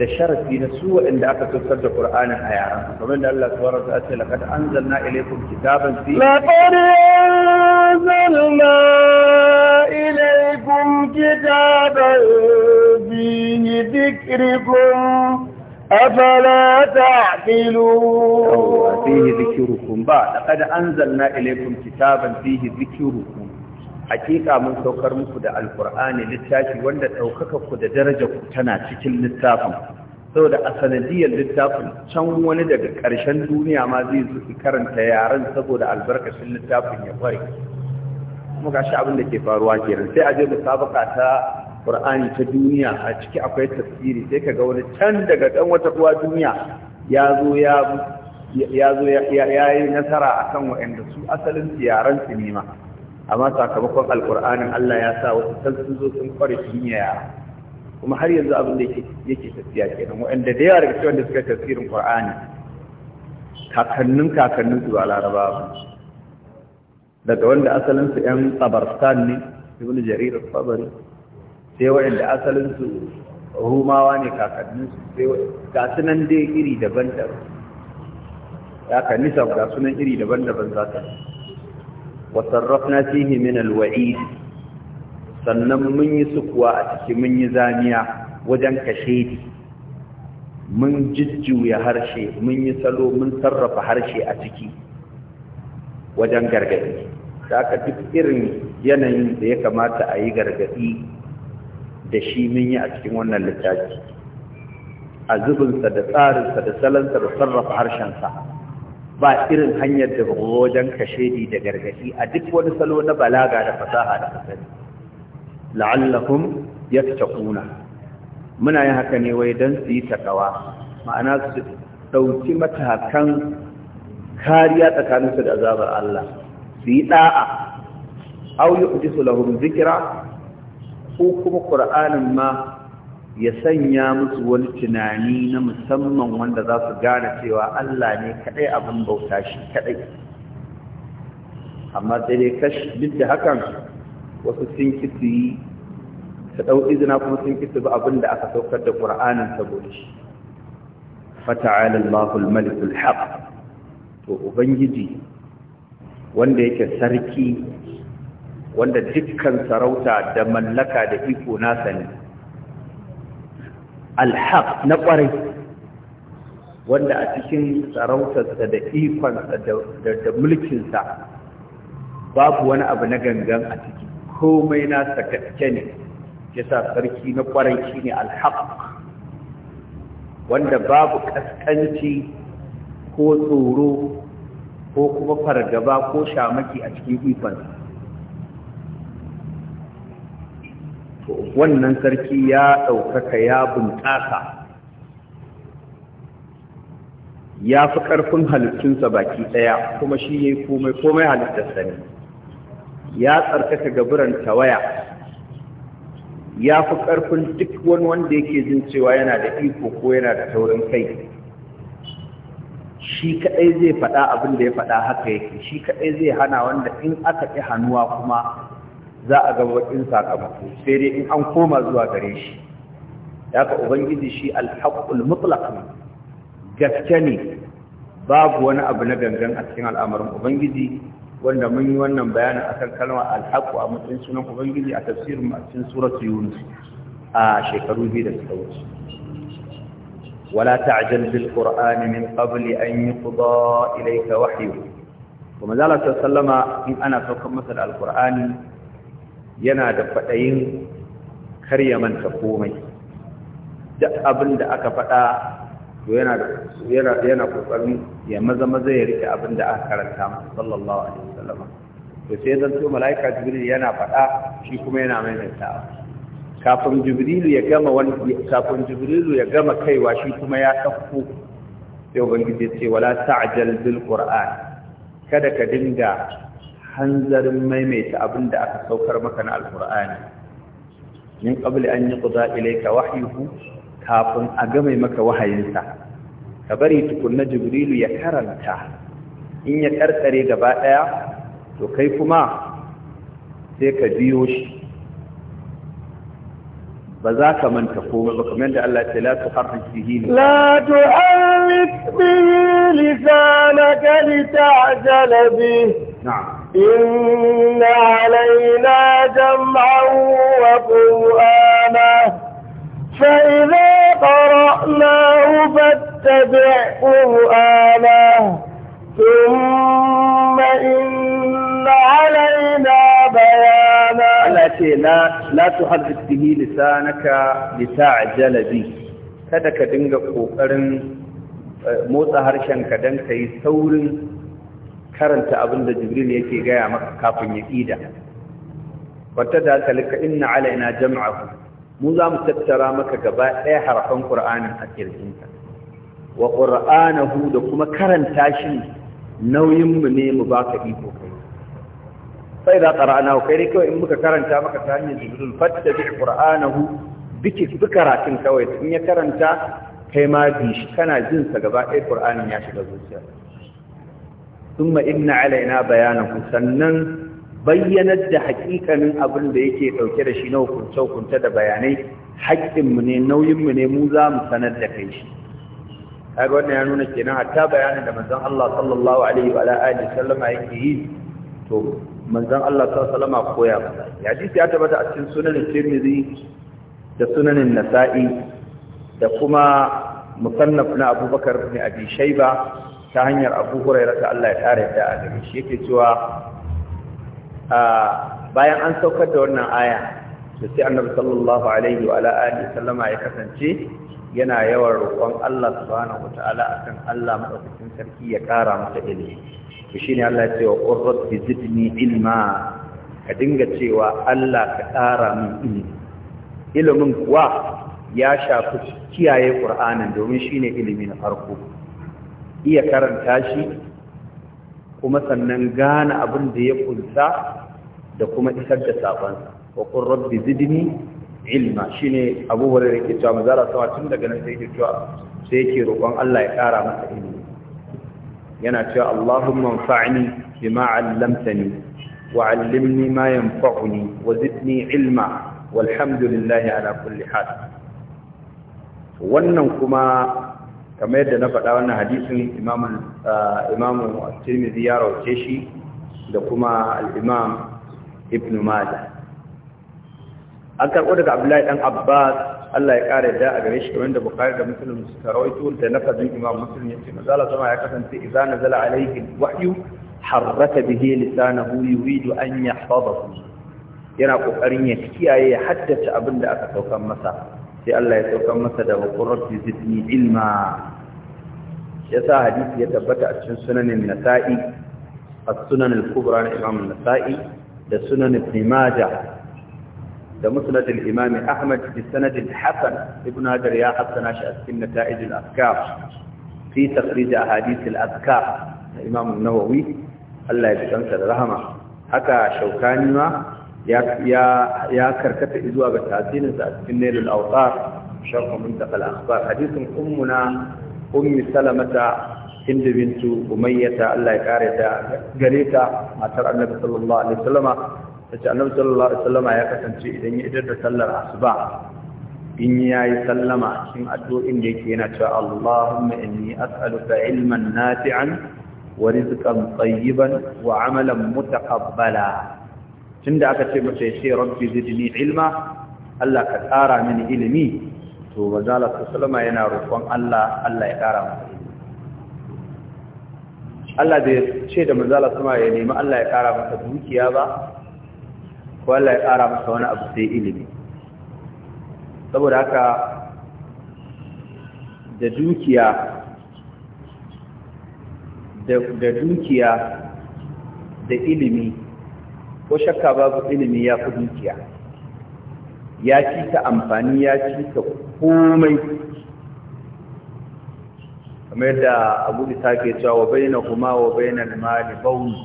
da sharafi na su waɗanda aka tsokar da Qur'anin a yaran kamar da Allah subhanahu wa ta'ala ce laqad anzalna ilaykum kitaban fi laqad
anzalna ilaykum kitaban ذكركم أفلا تعقلون
فيه ذكركم بعد قد أنزلنا إليكم كتابا فيه ذكركم hakika mun saukar muku da alkur'ani littafi wanda ɗaukaka ku da daraja ku tana cikin littafin saboda a sanadiyar littafin can wani daga ƙarshen duniya ma zai zuki karanta yaren saboda albarkacin littafin ya kware kuma ga shi abin da ke faruwa kenan sai a je musabaka ta ƙur'ani ta duniya a ciki akwai tafsiri sai ka ga wani can daga ɗan wata kuwa duniya ya zo ya zo ya yi nasara a kan waɗanda su asalin yaran su ne ma amma sakamakon alƙur'anin Allah ya sa wasu can sun zo sun kware duniya ya yara kuma har yanzu abin da yake tafiya kenan waɗanda da yawa daga cikin suka tafsirin ƙur'ani kakannin kakannin su ba laraba ba daga wanda asalin su ƴan tsabarstan ne ibnu jarir tabari sai waɗanda asalinsu rumawa ne kakanninsu sai ga sunan dai iri daban-daban ya ka nisa ga sunan iri daban-daban za ta wasarrafna fihi min alwa'id sannan mun yi sukuwa a ciki mun yi zamiya wajen kashe mun jujjuya harshe mun yi salo mun sarrafa harshe a ciki wajen gargaɗi da aka duk irin yanayin da ya kamata a yi gargaɗi da shi mun yi a cikin wannan littafi a zubinsa da tsarinsa da salansa da sarrafa harshensa ba irin hanyar da ba wajen kashedi da gargadi a duk wani salo na balaga da fasaha da fasali la'allahum yattaquna muna yin haka ne wai dan su yi taƙawa. ma'ana su ɗauki matakan kariya tsakaninsu da azabar Allah su yi da'a aw su lahum zikira. ko kuma ƙur'anin ma ya sanya musu wani tunani na musamman wanda za su gane cewa Allah ne kaɗai abin bauta shi kaɗai amma sai dai kashi duk da hakan wasu sun kisu yi ta ɗau izina kuma sun kisu ba abin da aka saukar da ƙur'anin saboda shi fata'ala Allahul malikul haq to ubangiji wanda yake sarki wanda dukkan sarauta da mallaka da iko nasa ne alhaq na ƙwarai wanda a cikin sarautarsa da ikonsa da mulkinsa babu wani abu na gangan a ciki komai nasa gaske ne yasa sarki na ƙwarai shine alhaq wanda babu ƙasƙanci ko tsoro ko kuma fargaba ko shamaki a cikin ikonsa wannan sarki ya ɗaukaka ya bunƙasa ya fi ƙarfin halittunsa baki ɗaya kuma shi ya yi komai komai halittarsa ne ya tsarkaka gaburan tawaya ya fi ƙarfin duk wani wanda yake jin cewa yana da iko ko yana da taurin kai shi kaɗai zai faɗa abin da ya faɗa haka yake shi kaɗai zai hana wanda in aka ƙi hannuwa kuma za a ga bakin sakamako sai dai in an koma zuwa gare shi haka ubangiji shi alhaqqul mutlaq gaske ne babu wani abu na gangan a cikin al'amarin ubangiji wanda mun yi wannan bayanin akan kalma alhaqqu a matsayin sunan ubangiji a tafsirin a cikin suratu yunus a shekaru biyu da suka wuce ولا تعجل بالقرآن من قبل أن يقضى إليك وحيه وما زال صلى الله عليه وسلم إن أنا فكم مثل القرآن yana da faɗayin karya manta komai Da abin da aka faɗa yana ƙoƙarin ya maza maza ya rike abin da aka karanta masu sallallahu alaihi wasallam to sai zan to mala'ika jibril yana faɗa shi kuma yana maimaita kafin jibrilu ya gama wani kafin jibrilu ya gama kaiwa shi kuma ya ɗauko sai ubangiji ya ce wala ta'jal bil qur'an kada ka dinga hanzarin maimaita abin da aka saukar maka na alkur'ani min qabli an yuqda ilayka wahyuhu kafin a game maka wahayinsa ka bari tukunna jibrilu ya karanta in ya karkare gaba daya to kai kuma sai ka biyo shi ba za ka manta komai ba kamar da Allah ta la tuharrik bihi
la tuharrik bihi lisanaka litajala bi na'am إن علينا جمعا وقرآنا فإذا قرأناه فاتبع قرآنا ثم إن علينا بيانا
التي شيء لا, لا تحدث به لسانك لتعجل به kada كدنك قرن آه، موسى motsa كدنك يستورن karanta abin da jibril yake gaya maka kafin ya ida wata da kalika inna alaina jam'ahu mu za mu tattara maka gaba ɗaya harfan qur'anin a kirkinka wa qur'anahu da kuma karanta shi nauyin mu ne mu ba ka iko kai sai za ka ra'ana kai ne kawai in muka karanta maka ta hanyar jibril fattabi qur'anahu biki bi karatun kawai in ya karanta kai ma bi shi kana jin sa gaba ɗaya qur'anin ya shiga zuciya. thumma inna alaina bayananku. sannan bayyanar da hakikanin abin da yake dauke da shi na hukunce-hukunce da bayanai haƙƙinmu ne nauyinmu ne mu za mu sanar da kai shi kaga wannan ya nuna kenan hatta bayanin da manzon Allah sallallahu alaihi wa alihi sallama yake yi to manzon Allah sallallahu alaihi wa sallama koya masa ya tabbata a cikin sunanin Tirmidhi da sunanin Nasa'i da kuma musannaf na Abubakar ibn Abi Shayba ta hanyar abu huraira ta Allah ya kare da a gare shi yake cewa bayan an saukar da wannan aya to sai annabi sallallahu alaihi wa alihi sallama ya kasance yana yawan roƙon Allah subhanahu wataala akan Allah madaukakin sarki ya kara masa ilimi to shine Allah ya ce wa qurrat bi zidni ilma ka dinga cewa Allah ka kara min ilimi ilimin kuwa ya shafi kiyaye Qur'anin domin shine ilimi na farko iya karanta shi kuma sannan gane abin da ya kunsa da kuma isar da sabansa wa kun rabbi zidni ilma shine abu hurairah yake cewa mazara sawa tun daga nan sai yake cewa sai yake roƙon Allah ya ƙara masa ilimi yana cewa Allahumma anfa'ni bima 'allamtani wa 'allimni ma yanfa'uni wa zidni ilma walhamdulillahi ala kulli hal wannan kuma kamar yadda na faɗa wannan hadisin imamun ah, tirmidhi ya rauce shi da kuma al'imam ibn mada an karɓo daga abdullahi dan abbas allah ya ƙara da a gare shi kamar da bukari da musulun suka rawaito da lafazin imam musulun ya ce mazala sama ya kasance iza na zala alaihi wahyu harrata bihe lisanahu yuridu an yahfazahu yana kokarin ya kiyaye ya haddace abin da aka saukan masa sai Allah ya saukan masa da rabbi zidni ilma sa hadisi ya tabbata a cikin sunanin nasa'i a sunanin kubra na imam nasa'i da sunan ibn da musnad al ahmad bi sanad hasan ibn hadar ya hasana shi a cikin nata'ij al-afkar fi takhrij aska. al-afkar na imam nawawi Allah ya bikansa da rahama haka ni ma ya karkata zuwa ga tasirinsa a cikin nailul awsar sharh muntaqa al-akhbar hadisin ummuna ummi salamata hindu bintu umayyata Allah ya kare ta gare ta matar annabi sallallahu alaihi wasallama tace annabi sallallahu alaihi wasallama ya kasance idan ya idar da sallar asuba in yayi sallama cikin addu'in da yake yana cewa Allahumma inni as'aluka ilman nafi'an wa rizqan tayyiban wa amalan mutaqabbala tunda aka ce mace ce rabbi zidni ilma Allah ka tsara mini ilimi to bazala sallama yana roƙon Allah Allah ya ƙara masa Allah bai ce da manzala sama ya nemi Allah ya ƙara masa dukiya ba ko Allah ya ƙara masa wani abu sai ilimi saboda haka da dukiya da dukiya da ilimi ko shakka babu ilimi ya fi dukiya ya ci ta amfani ya ci ta komai kamar yadda abu ta ke cewa wa na kuma wa bayyana mali bauni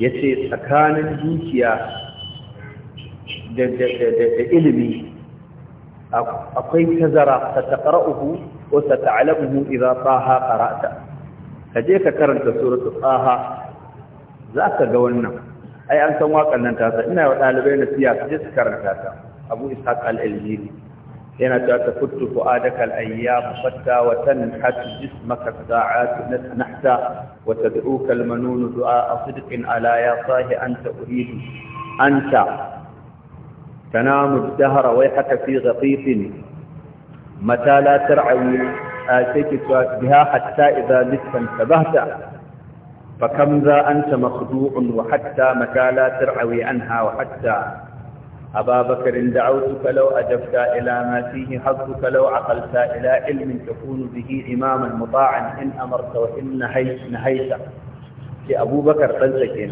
ya ce tsakanin dukiya da ilimi akwai tazara ta uku, ko ta ta'alabuhu idan tsaha ta. ka je ka karanta suratul tsaha za ka ga wannan ai an san waƙan nan tasa ina wa ɗalibai na siya su je su karanta ta abu ishaq al-aljiri yana cewa ta futtu fu'adaka al-ayyam fatta wa tanhat jismaka sa'at nahta wa tad'uka al-manun du'a sidqin ala ya sahi anta uridu anta تنام الدهر ويحك في غطيف متى لا ترعوي آتيك بها حتى إذا لست انتبهت فكم ذا أنت مخدوع وحتى متى لا ترعوي عنها وحتى أبا بكر دعوتك لو أجبت إلى ما فيه حظك لو عقلت إلى علم تكون به إماما مطاعا إن أمرت وإن نهيت نهيت في أبو بكر قلتك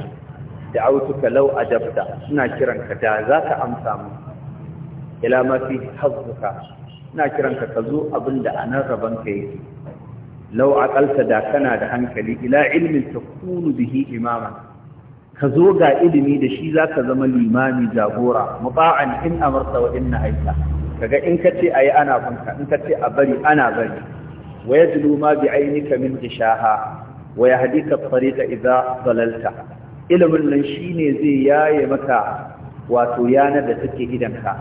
دعوتك لو أجبت ناكرا كتازات أمسام إلى ما فيه حظك ناكرا كتزو أبن لأنا ربا كيدي lau aqalta da kana da hankali ila ilmin takunu bihi imama ka zo ga ilimi da shi zaka zama limami jagora muta'an in amarta wa in nahaita kaga in kace ayi ana kunka in ce a bari ana bari wa yadlu ma bi aynika min ishaha wa yahdika tariqa idha dalalta ilimin nan shine zai yaye maka wato yana da take gidanka.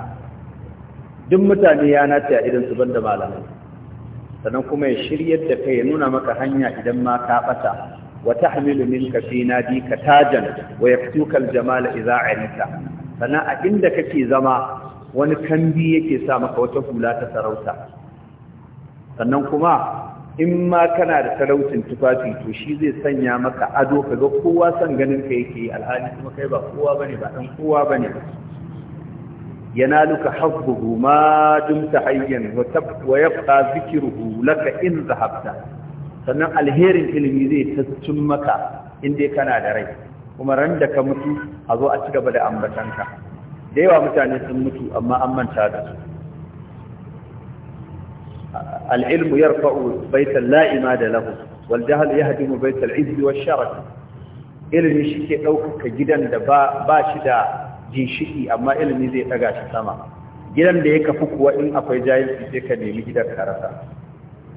duk mutane yana ta idan su banda malamai sannan kuma ya shiryar da kai ya nuna maka hanya idan ma ka bata wa tahmilu minka fi ka tajan wa yaktuka al-jamal idha alita sannan a inda kake zama wani kambi yake sa maka wata hula ta sarauta sannan kuma in ma kana da talaucin tufafi to shi zai sanya maka ado kaga kowa san ganin ka yake alhali kuma kai ba kowa bane ba dan kowa bane ينالك حظه ما دمت حيا ويبقى ذكره لك إن ذهبت sannan alherin ilimi zai tattun maka inda kana da rai kuma ran da ka mutu a zo a ci gaba da ambatanka da yawa mutane sun mutu amma an manta da su al'ilmu ya rufa'u baitan la'ima da lahu wal jahal ya hadimu baitan izbi wa sharaf. ilimi shi ke ɗaukaka gidan da ba shi da ginshiki amma ilimi zai daga shi sama gidan da ya kafi kuwa in akwai jahilci sai ka nemi gidan ka rasa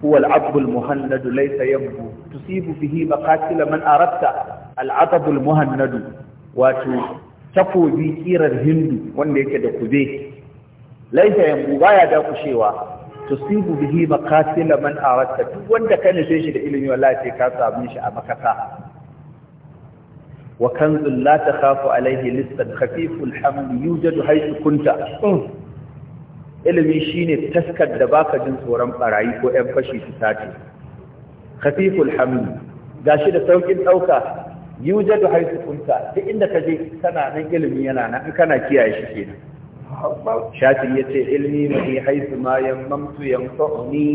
huwa al-abd al-muhannad laysa yabbu tusibu fihi maqatil man aratta al-atab al-muhannad wato takobi kirar hindu wanda yake da kube laysa yabbu baya da kushewa tusibu bihi maqatil man aratta duk wanda ka nufe shi da ilimi wallahi sai ka samu shi a makasa وكنز لا تخاف عليه لسا خفيف الحمل يوجد حيث كنت ilimi shine taskar da baka jin tsoron barayi ko yan fashi su sace khafiful hamd gashi da saukin dauka yujadu haythu kunta duk inda kaje kana nan ilimi yana nan in kana kiyaye shi kenan shafi yace ilmi mai haythu ma yammamtu yanfa'uni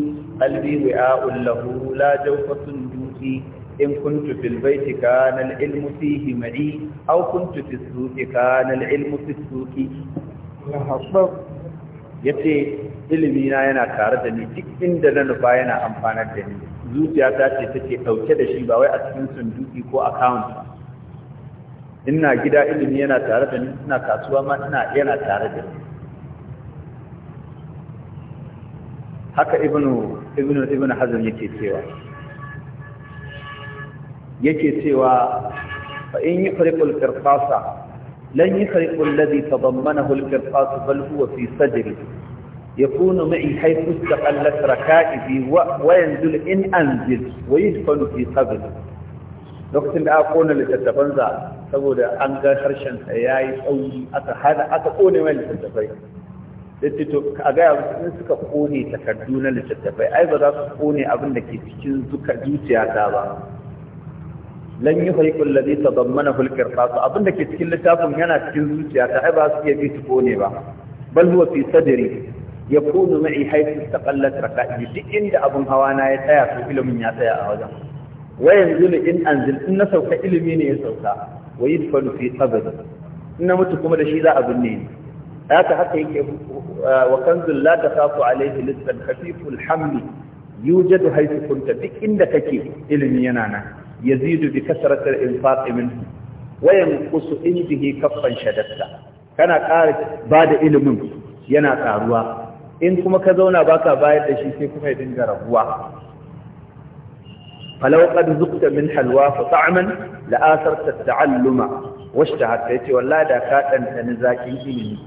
qalbi wa'a'un lahu la jawfatun dusi in kuntu fil baiti kana al-ilmu fihi ma'i aw kuntu fis suqi kana al-ilmu fis suqi yace ilimi na yana tare da ni duk inda na nufa yana amfanar da ni zuciyata ce take dauke da shi ba wai a cikin sunduki ko account ba ina gida ilimi yana tare da ni ina kasuwa ma ina yana tare da ni haka ibnu ibnu ibnu hazm yake cewa yake cewa fa in yi yufriqul qirtasa lan yufriqul ladhi tadammanahu al-qirtas bal huwa fi sadri يكون معي حيث استقلت ركائبي وينزل إن أنزل ويدفن في قبري lokacin da aka kona littattafan za saboda an ga harshen sa yayi tsauri aka hada aka kone mai littattafai yace to a ga yanzu suka kone takardu na littattafai ai ba za su kone abin da ke cikin zuka zuciya ta ba lan yuhayqu alladhi tadammanahu al-qirtas abinda ke cikin littafin yana cikin zuciya ta ai ba su iya bi su kone ba bal huwa fi sadri yakunu ma'i ta istaqallat raqa'i duk inda abun hawa na ya tsaya to ilimin ya tsaya a wajen wa yanzu in anzil in na sauka ilimi ne ya sauka wa yadfanu fi qabri in na mutu kuma da shi za a binne ni ta haka yake wa kanzul la tasafu alayhi lisban khafiful hamli yujadu haythu kunta duk inda kake ilimi yana nan yazidu bi kasratil infaq minhu wa yanqusu in bihi kaffan shadatta kana ƙara ba da ilimin yana karuwa in kuma ka zauna baka bayar da shi sai kuma ya dinga rabuwa falau qad zuqta min halwa fa ta'man la asarta ta'alluma washtahat yace wallahi ka ɗanɗani zakin ilimi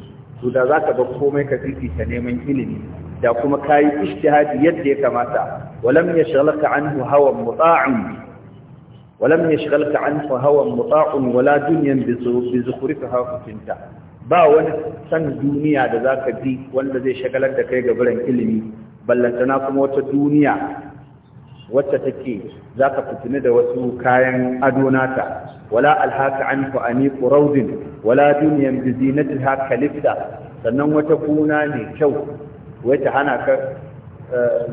to da zaka bar komai ka fifita neman ilimi da kuma kayi ijtihadi yadda ya kamata walam yashghalaka anhu hawan muta'im ولم يشغلك عنه هوى مطاع ولا دنيا بزخرفها فتنتا ba wani san duniya da za ka bi wanda zai shagalar da kai ga barin ilimi ballantana kuma wata duniya wacce take za ka da wasu kayan adonata wala alhaka an Ani ƙuraudin wala duniyan bizinatin haka lifta sannan wata kuna mai kyau ta hana ka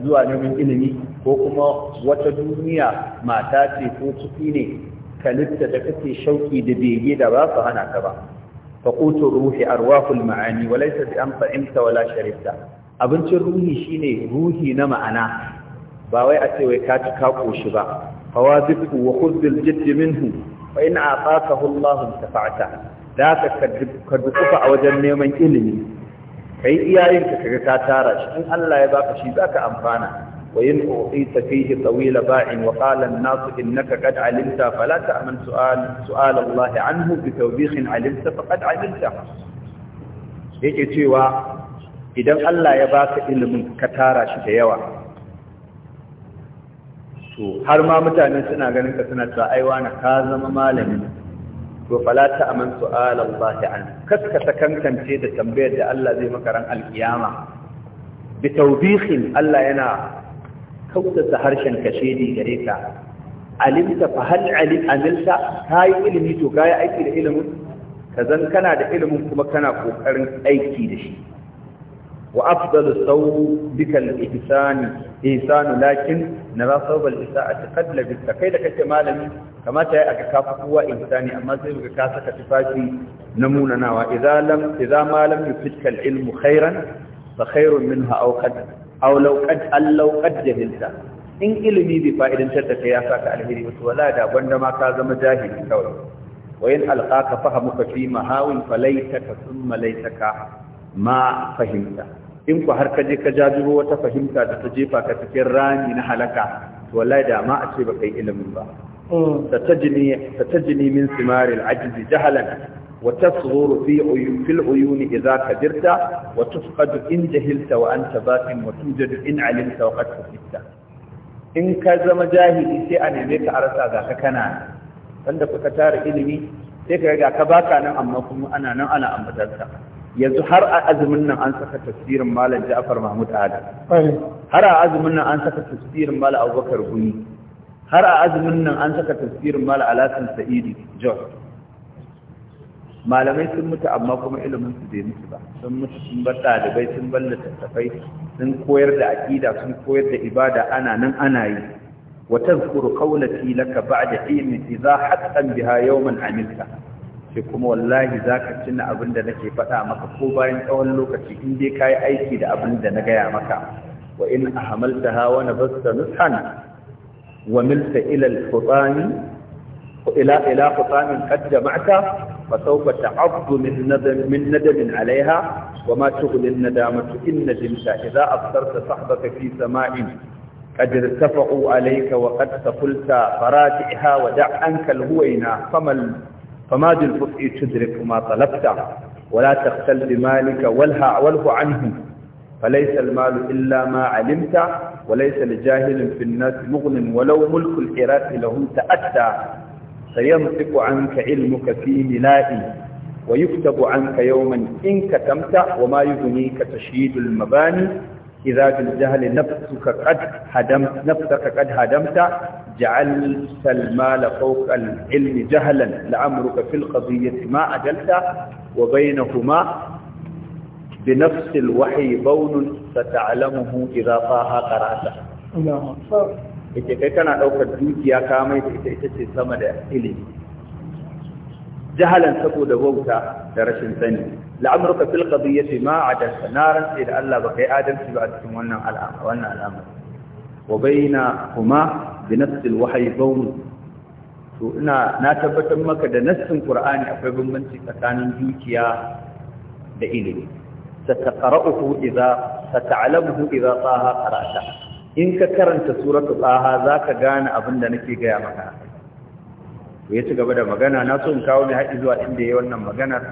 zuwa neman ilimi ko kuma wata duniya mata ce ko ciki ne kalitta da kake shauki da bege da ba su hana ka ba faqutu ruhi arwahul ma'ani wa laysa bi an fa'imta wala sharifta abincin ruhi shine ruhi na ma'ana ba wai a ce wai ka ci ka koshi ba fawazifu wa khudhil jidd minhu fa in a'takahu Allah tafa'ta da ka ka dukufa a wajen neman ilimi kai iyayen ka kaga ka tara shi in Allah ya baka shi zaka amfana wa in uqita fihi tawila ba'in wa qala an-nas innaka qad alimta fala ta'man su'al su'al Allah anhu bi tawbihin alimta faqad alimta yake cewa idan Allah ya baka ilimin ka tara shi da yawa to har ma mutane suna ganin ka suna cewa aiwa na ka zama malami to fala ta aman su'al Allah an kaskata kankance da tambayar da Allah zai maka ran alkiyama bi tawbihin Allah yana kautata harshen kashedi gare ka alimta fa hal alim amilta kai ilimi to kai aiki da ilimin kazan kana da ilimin kuma kana kokarin aiki da shi wa afdalu sawu bika al-ihsani ihsanu lakin nara sawu al-isaati qadla bi takai da kake malami kamata ya aka kafa kowa ihsani amma sai ka kasa ka tafi namuna nawa idza lam idza ma lam yufitka al-ilm khairan fa khairun minha aw qad aw law qad in ilmi bi fa'idin ta kai ya saka alheri wato wala da gwanda ma ka zama jahili kawai wa in alqaka fahamuka fi mahawin falaitaka thumma laitaka ma fahimta in ku har ka je ka jajiro wata fahimta da ta jefa ka cikin rami na halaka to wallahi da ma a ce ba yi ilimin ba satajini mm. satajini min simaril, al jahalan wa tasghuru fi uyun fil uyun idha kadirta wa tufqadu in jahilta wa anta baqin wa tujadu in alimta wa qad tufita in ka zama jahili sai a neme ka arasa ga ka kana wanda kuka tara ilimi sai ka ga ka baka nan amma kuma ana nan ana ambatarka yanzu har a azumin nan an saka tasirin malam Ja'far Mahmud Adam har a azumin nan an saka tasirin malam Abubakar Guni har a azumin nan an saka tasirin malam Alhassan Sa'idi Jos malamai sun mutu amma kuma ilimin su bai mutu ba sun mutu sun bar ɗalibai sun bar littattafai sun koyar da aqida sun koyar da ibada ana nan ana yi wa tazkuru qawlati laka ba'da ilmin idha haqqan biha yawman amilta sai kuma wallahi za ka cinna abin da nake faɗa maka ko bayan tsawon lokaci in dai ka yi aiki da abin da na gaya maka wa in a hamalta hawa na basta nutan wa milta ilal kutsani ila ila kutsanin kad jama'ata fa sawfa ta'abdu min nadam min nadamin alaiha wa ma tughni nadamatu in nadimta idza aftarta sahbaka fi sama'in قد ارتفعوا عليك وقد تقلت فراتئها ودع عنك الهوينا فما فما بالبطء تدرك ما طلبت ولا تختل بمالك والهع واله عنه فليس المال إلا ما علمت وليس لجاهل في الناس مغن ولو ملك الحراث لهم تأتى سينطق عنك علمك في ملائي ويكتب عنك يوما إن كتمت وما يغنيك تشييد المباني idza bil jahli nafsuka qad hadam nafsaka hadamta ja'al sal mala fawqa al ilmi jahlan la'amruka fil qadiyyati ma ajalta wa bainahuma بنفس الوحي بون ستعلمه إذا طاها قرأته الله أكبر yake kai kana daukar dukiya ka mai ita ce sama da ilimi jahalan saboda bauta da rashin sani la'amruka fil qadiyyati ma adalta naran sai da Allah baka yi adalci ba a cikin wannan al'amari wannan al'amari wa baina kuma bi nafs al wahyi bawn to ina na tabbatar maka da nassin qur'ani akwai bambanci tsakanin dukiya da ilimi sataqra'uhu idza sata'lamuhu idza taha qara'ta in ka karanta suratu taha zaka gane abin da nake gaya maka to ya ci gaba da magana na so in kawo ni haɗi zuwa inda yayi wannan maganar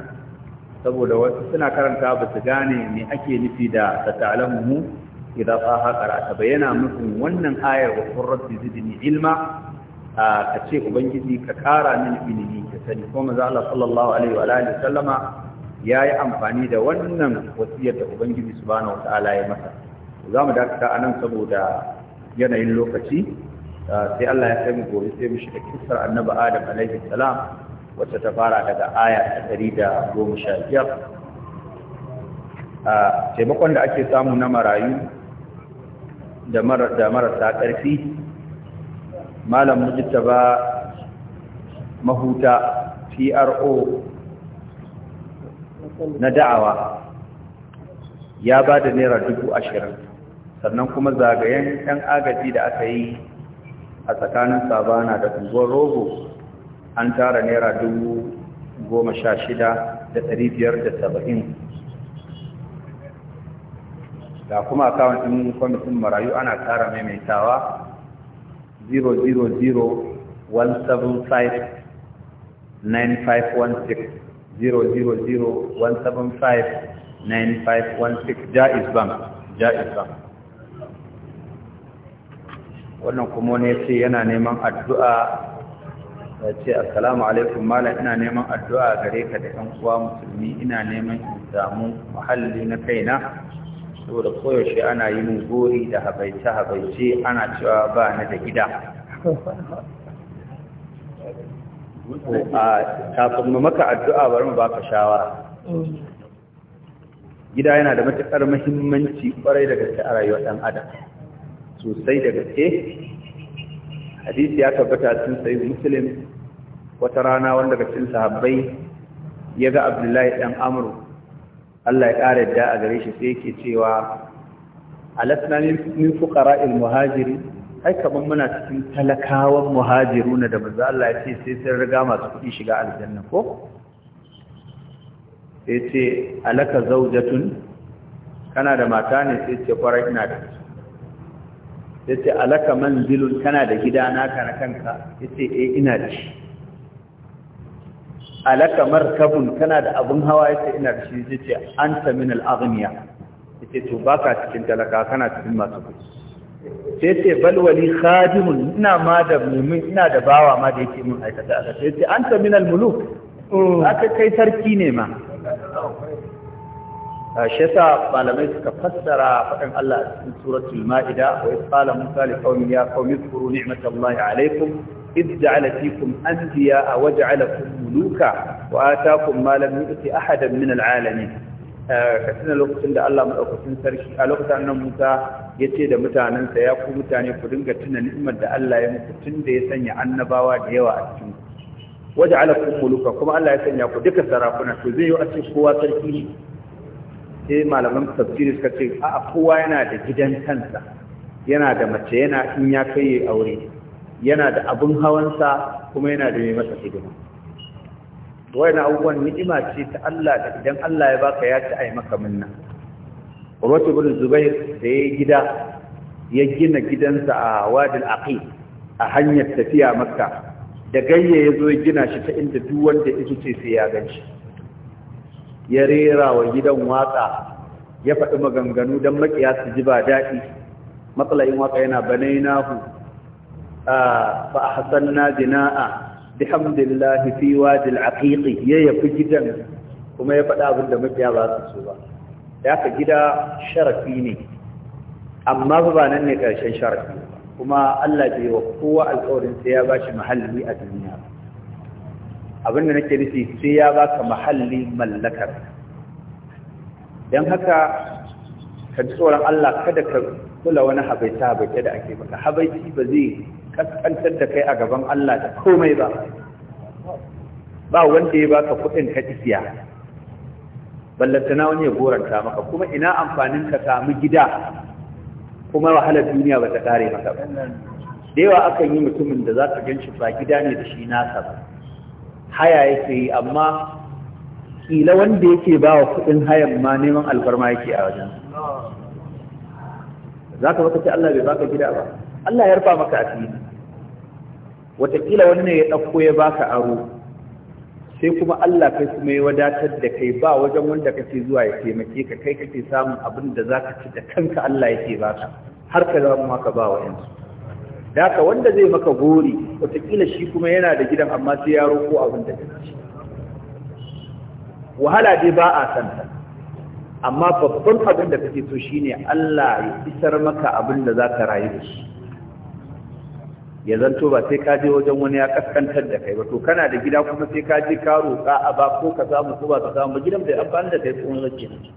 saboda wasu suna karanta ba su gane me ake nufi da tata'alamu idan tsaha karata bayyana nufin wannan ayar wa qurratu zidni ilma ka ce ubangiji ka kara min ilimi ka sani ko manzo Allah sallallahu alaihi wa alihi sallama yayi amfani da wannan wasiyar da ubangiji subhanahu ta'ala ya masa za mu dakata anan saboda yanayin lokaci sai Allah ya sami mu gobe sai mu shiga kissar annabi Adam alaihi salam wacce ta fara daga aya ta 115 a taimakon da ake samu na marayu da marasa ƙarfi malam mujita ba mahuta pro na da'awa ya ba da naira dubu ashirin sannan kuma zagayen 'yan agaji da aka yi a tsakanin sabana da unguwar rogo an tara naira dubu goma sha shida da ɗari biyar da saba'in Da kuma akawun ɗin kwamitin marayu ana tara maimaitawa 00017595160 00017595160 jaiz bank jaiz bank wannan kuma ne ce yana neman addu'a ya ce assalamu alaikum malam ina neman addu'a gare ka da 'yan uwa musulmi ina neman in samu muhalli na kaina saboda koyaushe ana yi min gori da habaice-habaice ana cewa ba na da gida kafin mu maka addu'a bari mu baka shawara gida yana da matuƙar muhimmanci ƙwarai da gaske a rayuwar ɗan adam sosai da gaske hadisi ya tabbata cikin sahih muslim wata rana wanda daga cikin sahabbai ya ga abdullahi dan amru Allah ya ƙara yadda a gare shi sai yake cewa alasna min fuqara'il muhajiri ai kaman muna cikin talakawan muhajiruna da manzo Allah ya ce sai sun riga masu kuɗi shiga aljanna ko sai ce alaka zaujatun kana da mata ne sai ce kwarai ina da yace alaka manzilun kana da gida naka na kanka yace eh ina da shi alaka markabun kana da abun hawa yace ina da shi yace anta min al-aghniya yace to baka cikin talaka kana cikin masu kuɗi sai ce bal wali khadimun ina ma da mumin ina da bawa ma da yake mun aikata aka sai ce anta min al-muluk mm. aka kai sarki ne ma Ah, shi yasa malamai suka fassara faɗin Allah a cikin suratul ma'ida wa qala musa li qaumi ya qaumi zkuru ni'matallahi alaykum idh ja'ala fikum anbiya'a wa ja'alakum muluka wa ataakum ma lam yu'ti ahadan min al'alamin ah, ka tuna lokacin da Allah madaukakin sarki a lokacin nan Musa ya ce da mutanensa ya ku mutane ku dinga tuna ni'imar da Allah ya muku tun da ya sanya annabawa da yawa a cikin waje alakum muluka kuma Allah ya sanya ku duka sarakuna to zai yi a cikin kowa sarki ne sai malaman tafsiri suka ce a kowa yana da gidan kansa yana da mace yana in ya kai ya aure yana da abun hawansa kuma yana da mai masa hidima wayan abubuwan ni'ima ce ta Allah da idan Allah ya baka ya ci ai maka minna Urwatu bin Zubair da ya gida ya gina gidansa a Wadil Aqi a hanyar tafiya Makka da gayye ya zo ya gina shi ta inda duk wanda ya ce sai ya ganshi. ya rera wa gidan waka ya faɗi maganganu don makiya su ji ba daɗi matsalayin waka yana banai nahu fa a hasan na jina'a bihamdillahi fi wajil aqiqi ya yafi gidan kuma ya faɗi abin da makiya ba su so ba da ka gida sharafi ne amma ba nan ne ƙarshen sharafi kuma Allah bai wa kowa alƙawarin sai ya bashi muhalli a duniya ba abinda nake nufi sai ya baka mahalli mallakar don haka ka ji tsoron Allah kada ka kula wani habaita habaita da ake baka habaici ba zai kaskantar da kai a gaban Allah da komai ba ba wanda ya baka kuɗin ka isiya ballantana wani ya goranta maka kuma ina amfanin ka samu gida kuma wahalar duniya ba ta kare maka ba da yawa akan yi mutumin da za ka gan shi ba gida ne da shi nasa ba haya yake yi amma kila wanda yake ba wa kuɗin hayan ma neman alfarma yake a wajen za ka ce Allah bai baka gida ba Allah ya rufa maka asiri watakila wani ne ya ɗauko ya baka aro sai kuma Allah kai kuma ya wadatar da kai ba wajen wanda kake zuwa ya taimake ka kai kake samun abin da za ka ci da kanka Allah yake baka har ka zama maka ba wa yansu daka wanda zai maka gori watakila shi kuma yana da gidan amma sai ya roƙo abin da zai wahala dai ba a santa amma babban abin da kake so shine Allah ya isar maka abin da zaka rayu da shi ya zanto ba sai ka je wajen wani ya kaskantar da kai ba to kana da gida kuma sai ka je ka roƙa a ba ko ka samu ko ba ka samu gidan bai amfani da kai tsohon rake ne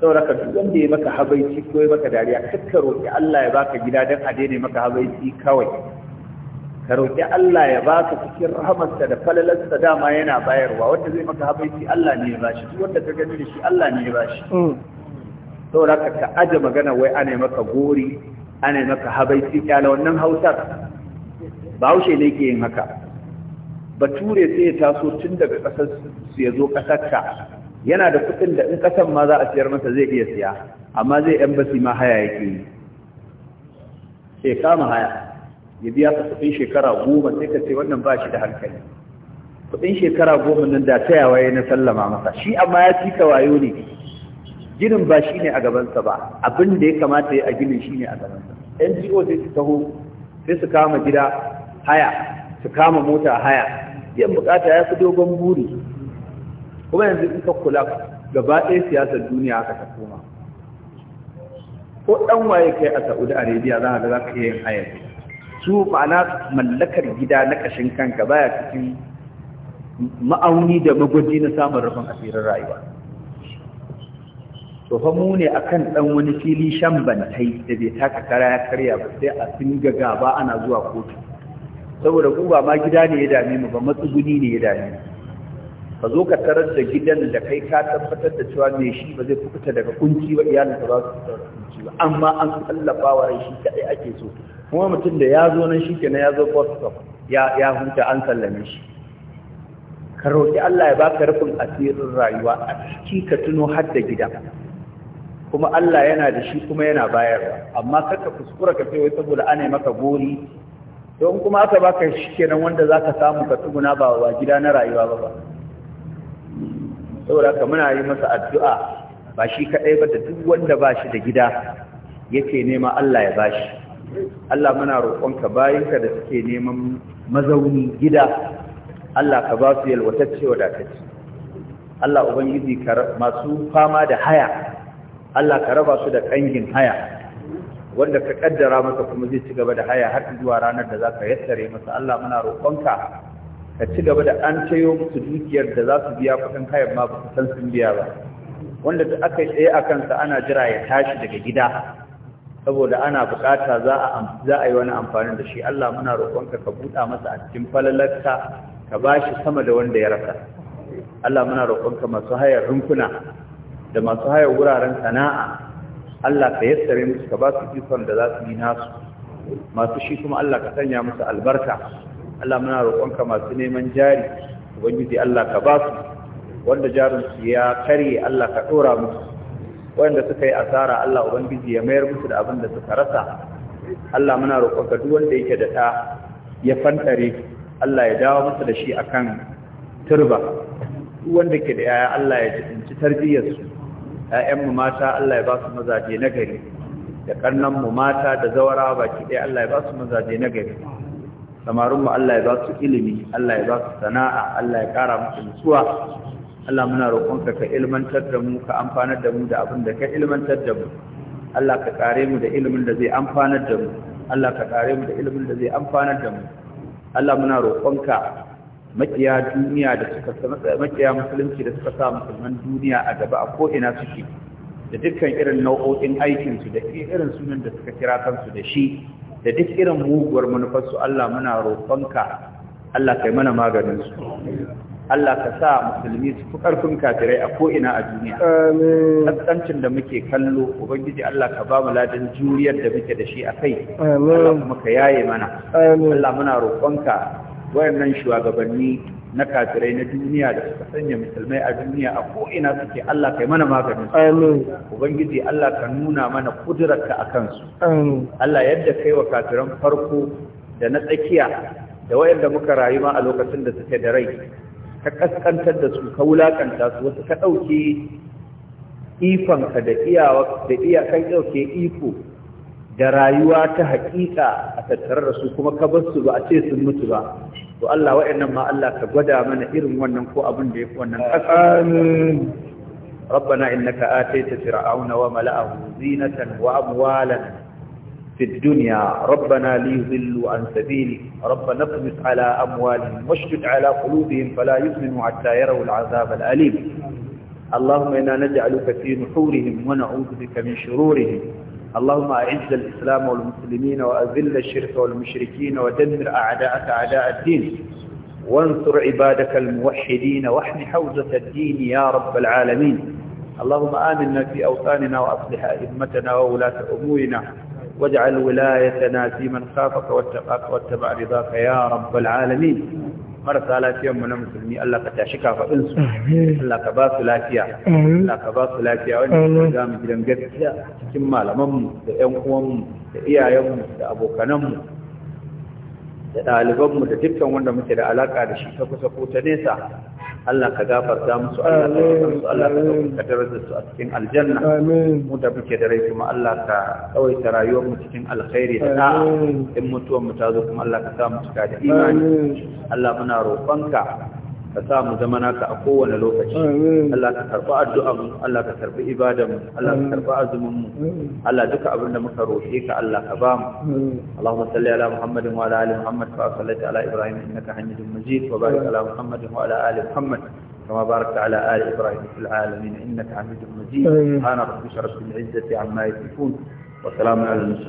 saboda ka duk wanda ya maka habaici ko ya maka dariya kakka roƙi Allah ya baka gida don a daina maka habaici kawai ka roƙi Allah ya baka cikin rahamarsa da falalarsa dama yana bayarwa wanda zai maka habaici Allah ne ya bashi duk wanda ka gani da shi Allah ne ya bashi mm. saboda ka ka aje magana wai ana maka gori ana maka habaici kyala wannan hausar Ba haushe ne ke yin haka bature sai ya taso tun daga ƙasar su ya zo ƙasar ka yana da kudin da in ƙasan ma za a siyar masa zai iya siya amma zai embassy ma haya yake yi sai kama haya ya biya ka kudin shekara goma sai ka ce wannan ba shi da hankali Kudin shekara goma nan da ta yawaye na sallama masa shi amma ya ci ka wayo ne ginin ba shi ne a gabansa ba abin da ya kamata ya a ginin shi ne a gabansa ngo sai su taho sai su kama gida haya su kama mota haya Yan bukata ya fi dogon buri kuma yanzu in ka kula gaba ɗaya siyasar duniya aka ta koma ko ɗan waye kai a saudi arabia za ka za ka yin hayar su ma'ana mallakar gida na ƙashin kanka baya cikin ma'auni da magwaji na samun rufin asirin rayuwa to fa mu ne akan dan wani fili shan bantai da bai taka kara ya karya ba sai a ga gaba ana zuwa kotu saboda ku ba ma gida ne ya dame mu ba matsuguni ne ya dame mu ka zo ka tarar da gidan da kai ka tabbatar da cewa mai shi ba zai fita daga kunci ba iyalin ka ba su fita daga kunci ba amma an tallafa wa shi kaɗai ake so kuma mutum da ya zo nan shi ke ya zo post ya ya huta an sallame shi ka roƙi Allah ya baka rufin asirin rayuwa a ciki ka tuno har da gida kuma Allah yana da shi kuma yana bayarwa amma ka kuskura ka wai saboda ana maka gori don kuma aka baka shi kenan wanda zaka samu ka tuguna ba wa gida na rayuwa ba ba saboda ka muna yi masa addu'a ba shi kaɗai ba da duk wanda ba shi da gida yake nema Allah ya bashi Allah muna roƙonka bayinka da suke neman mazauni gida Allah ka ba su yalwatacce wadatacce Allah ubangiji masu fama da haya Allah ka raba su da ƙangin haya wanda ka ƙaddara masa kuma zai ci gaba da haya har zuwa ranar da za zaka yassare masa Allah muna roƙonka ka ci gaba da an tayo musu dukiyar da za su biya kuɗin hayar ma ba su san sun biya ba wanda da aka tsaye a kansa ana jira ya tashi daga gida saboda ana bukata za a za a yi wani amfani da shi Allah muna roƙonka ka buɗa masa a cikin falalarka ka bashi sama da wanda ya rasa Allah muna roƙonka masu hayar rumfuna da masu hayar wuraren sana'a Allah ka yassare musu ka ba su ikon da za su yi nasu masu shi kuma Allah ka sanya musu albarka Allah muna roƙonka masu neman jari ubangiji Allah ka ba su wanda jarinsu ya karye, Allah ka ɗora musu wanda suka yi asara Allah ubangiji ya mayar musu da abin da suka rasa Allah muna roƙonka duk wanda yake da ta ya fantare Allah ya dawo musu da shi akan turba duk wanda ke da yaya Allah ya tsinci tarbiyyar su ƴaƴanmu mata Allah ya ba su mazaje na gari da ƙannanmu mata da zawara baki ɗaya Allah ya ba su mazaje na gari samarin mu Allah ya ba su ilimi Allah ya ba su sana'a Allah ya ƙara musu nutsuwa Allah muna roƙonka ka ilmantar da mu ka amfanar da mu da abin da ka ilmantar da mu Allah ka kare mu da ilimin da zai amfanar da mu Allah ka kare mu da ilimin da zai amfanar da mu Allah muna roƙonka makiya duniya da suka makiya musulunci da suka sa musulman duniya a gaba a ko'ina suke da dukkan irin nau'o'in aikinsu da irin sunan da suka kira kansu da shi da duk irin muguwar manufarsu Allah muna roƙonka Allah kai mana maganin su Allah ka sa musulmi su fi ƙarfin kafirai a ko'ina a duniya. Amin. da muke kallo, Ubangiji Allah ka ba mu ladan juriyar da muke da shi a kai.
Amin. Allah kuma
ka yaye mana. Amin. Allah muna roƙonka wayannan shugabanni na kafirai na duniya da suka sanya musulmai a duniya a ko'ina suke Allah kai mana maganin su. Ubangiji Allah ka nuna mana kudurarka a kansu. Allah yadda kai wa kafiran farko da na tsakiya da wayanda muka rayu ma a lokacin da suke da rai. Ka kaskantar da su, ka wulakanta su, wasu ka ɗauke ifanka da iyawa da iyakan ɗauke iko da rayuwa ta haƙiƙa a tattare da su kuma ka bar su ba a ce sun mutu ba. to Allah wa'annan ma Allah ka gwada mana irin wannan ko abin da yafi wannan kasa amin ربنا إنك آتيت فرعون وملأه زينة وأموالا في الدنيا ربنا ليضلوا عن سبيلي ربنا اطمس على أموالهم واشتد على قلوبهم فلا يؤمنوا حتى يروا العذاب الأليم اللهم إنا نجعلك في نحورهم ونعوذ بك من شرورهم اللهم أعز الإسلام والمسلمين وأذل الشرك والمشركين ودمر أعداءك أعداء الدين وانصر عبادك الموحدين واحم حوزة الدين يا رب العالمين اللهم آمنا في أوطاننا وأصلح أئمتنا وولاة أمورنا واجعل ولايتنا في من خافك واتقاك واتبع رضاك يا رب العالمين marasa lafiyar mu na musulmi Allah ka tashi kafadin su Allah ka ba su lafiya Allah ka ba su lafiya wanda ga mu gidan gaskiya cikin malaman mu da ƴan uwan mu da iyayen mu da abokanan mu da ɗaliban mu da dukkan wanda muke da alaƙa da shi ta kusa ko ta nesa Allah ka gafarta musu Allah ka ka su a cikin aljanna mu da muke da rai kuma Allah ka tsawaita rayuwar mu cikin alkhairi da ta in mutuwar mu ta zo kuma Allah ka sa mu cika da imani Allah muna roƙonka ka sa mu zama naka a kowane lokaci Allah ka karɓi addu'a mu Allah ka karɓi ibada mu Allah ka karɓi azumin mu Allah duka abinda da muka roƙe ka Allah ka ba mu Allahumma salli ala Muhammadin wa ala ali Muhammad fa sallaita ala Ibrahim innaka Hamidum Majid wa barik ala Muhammadin wa ala ali Muhammad كما ala على آل إبراهيم في العالمين إنك حميد مجيد سبحان ربك رب العزة عما يصفون وسلام على المسلمين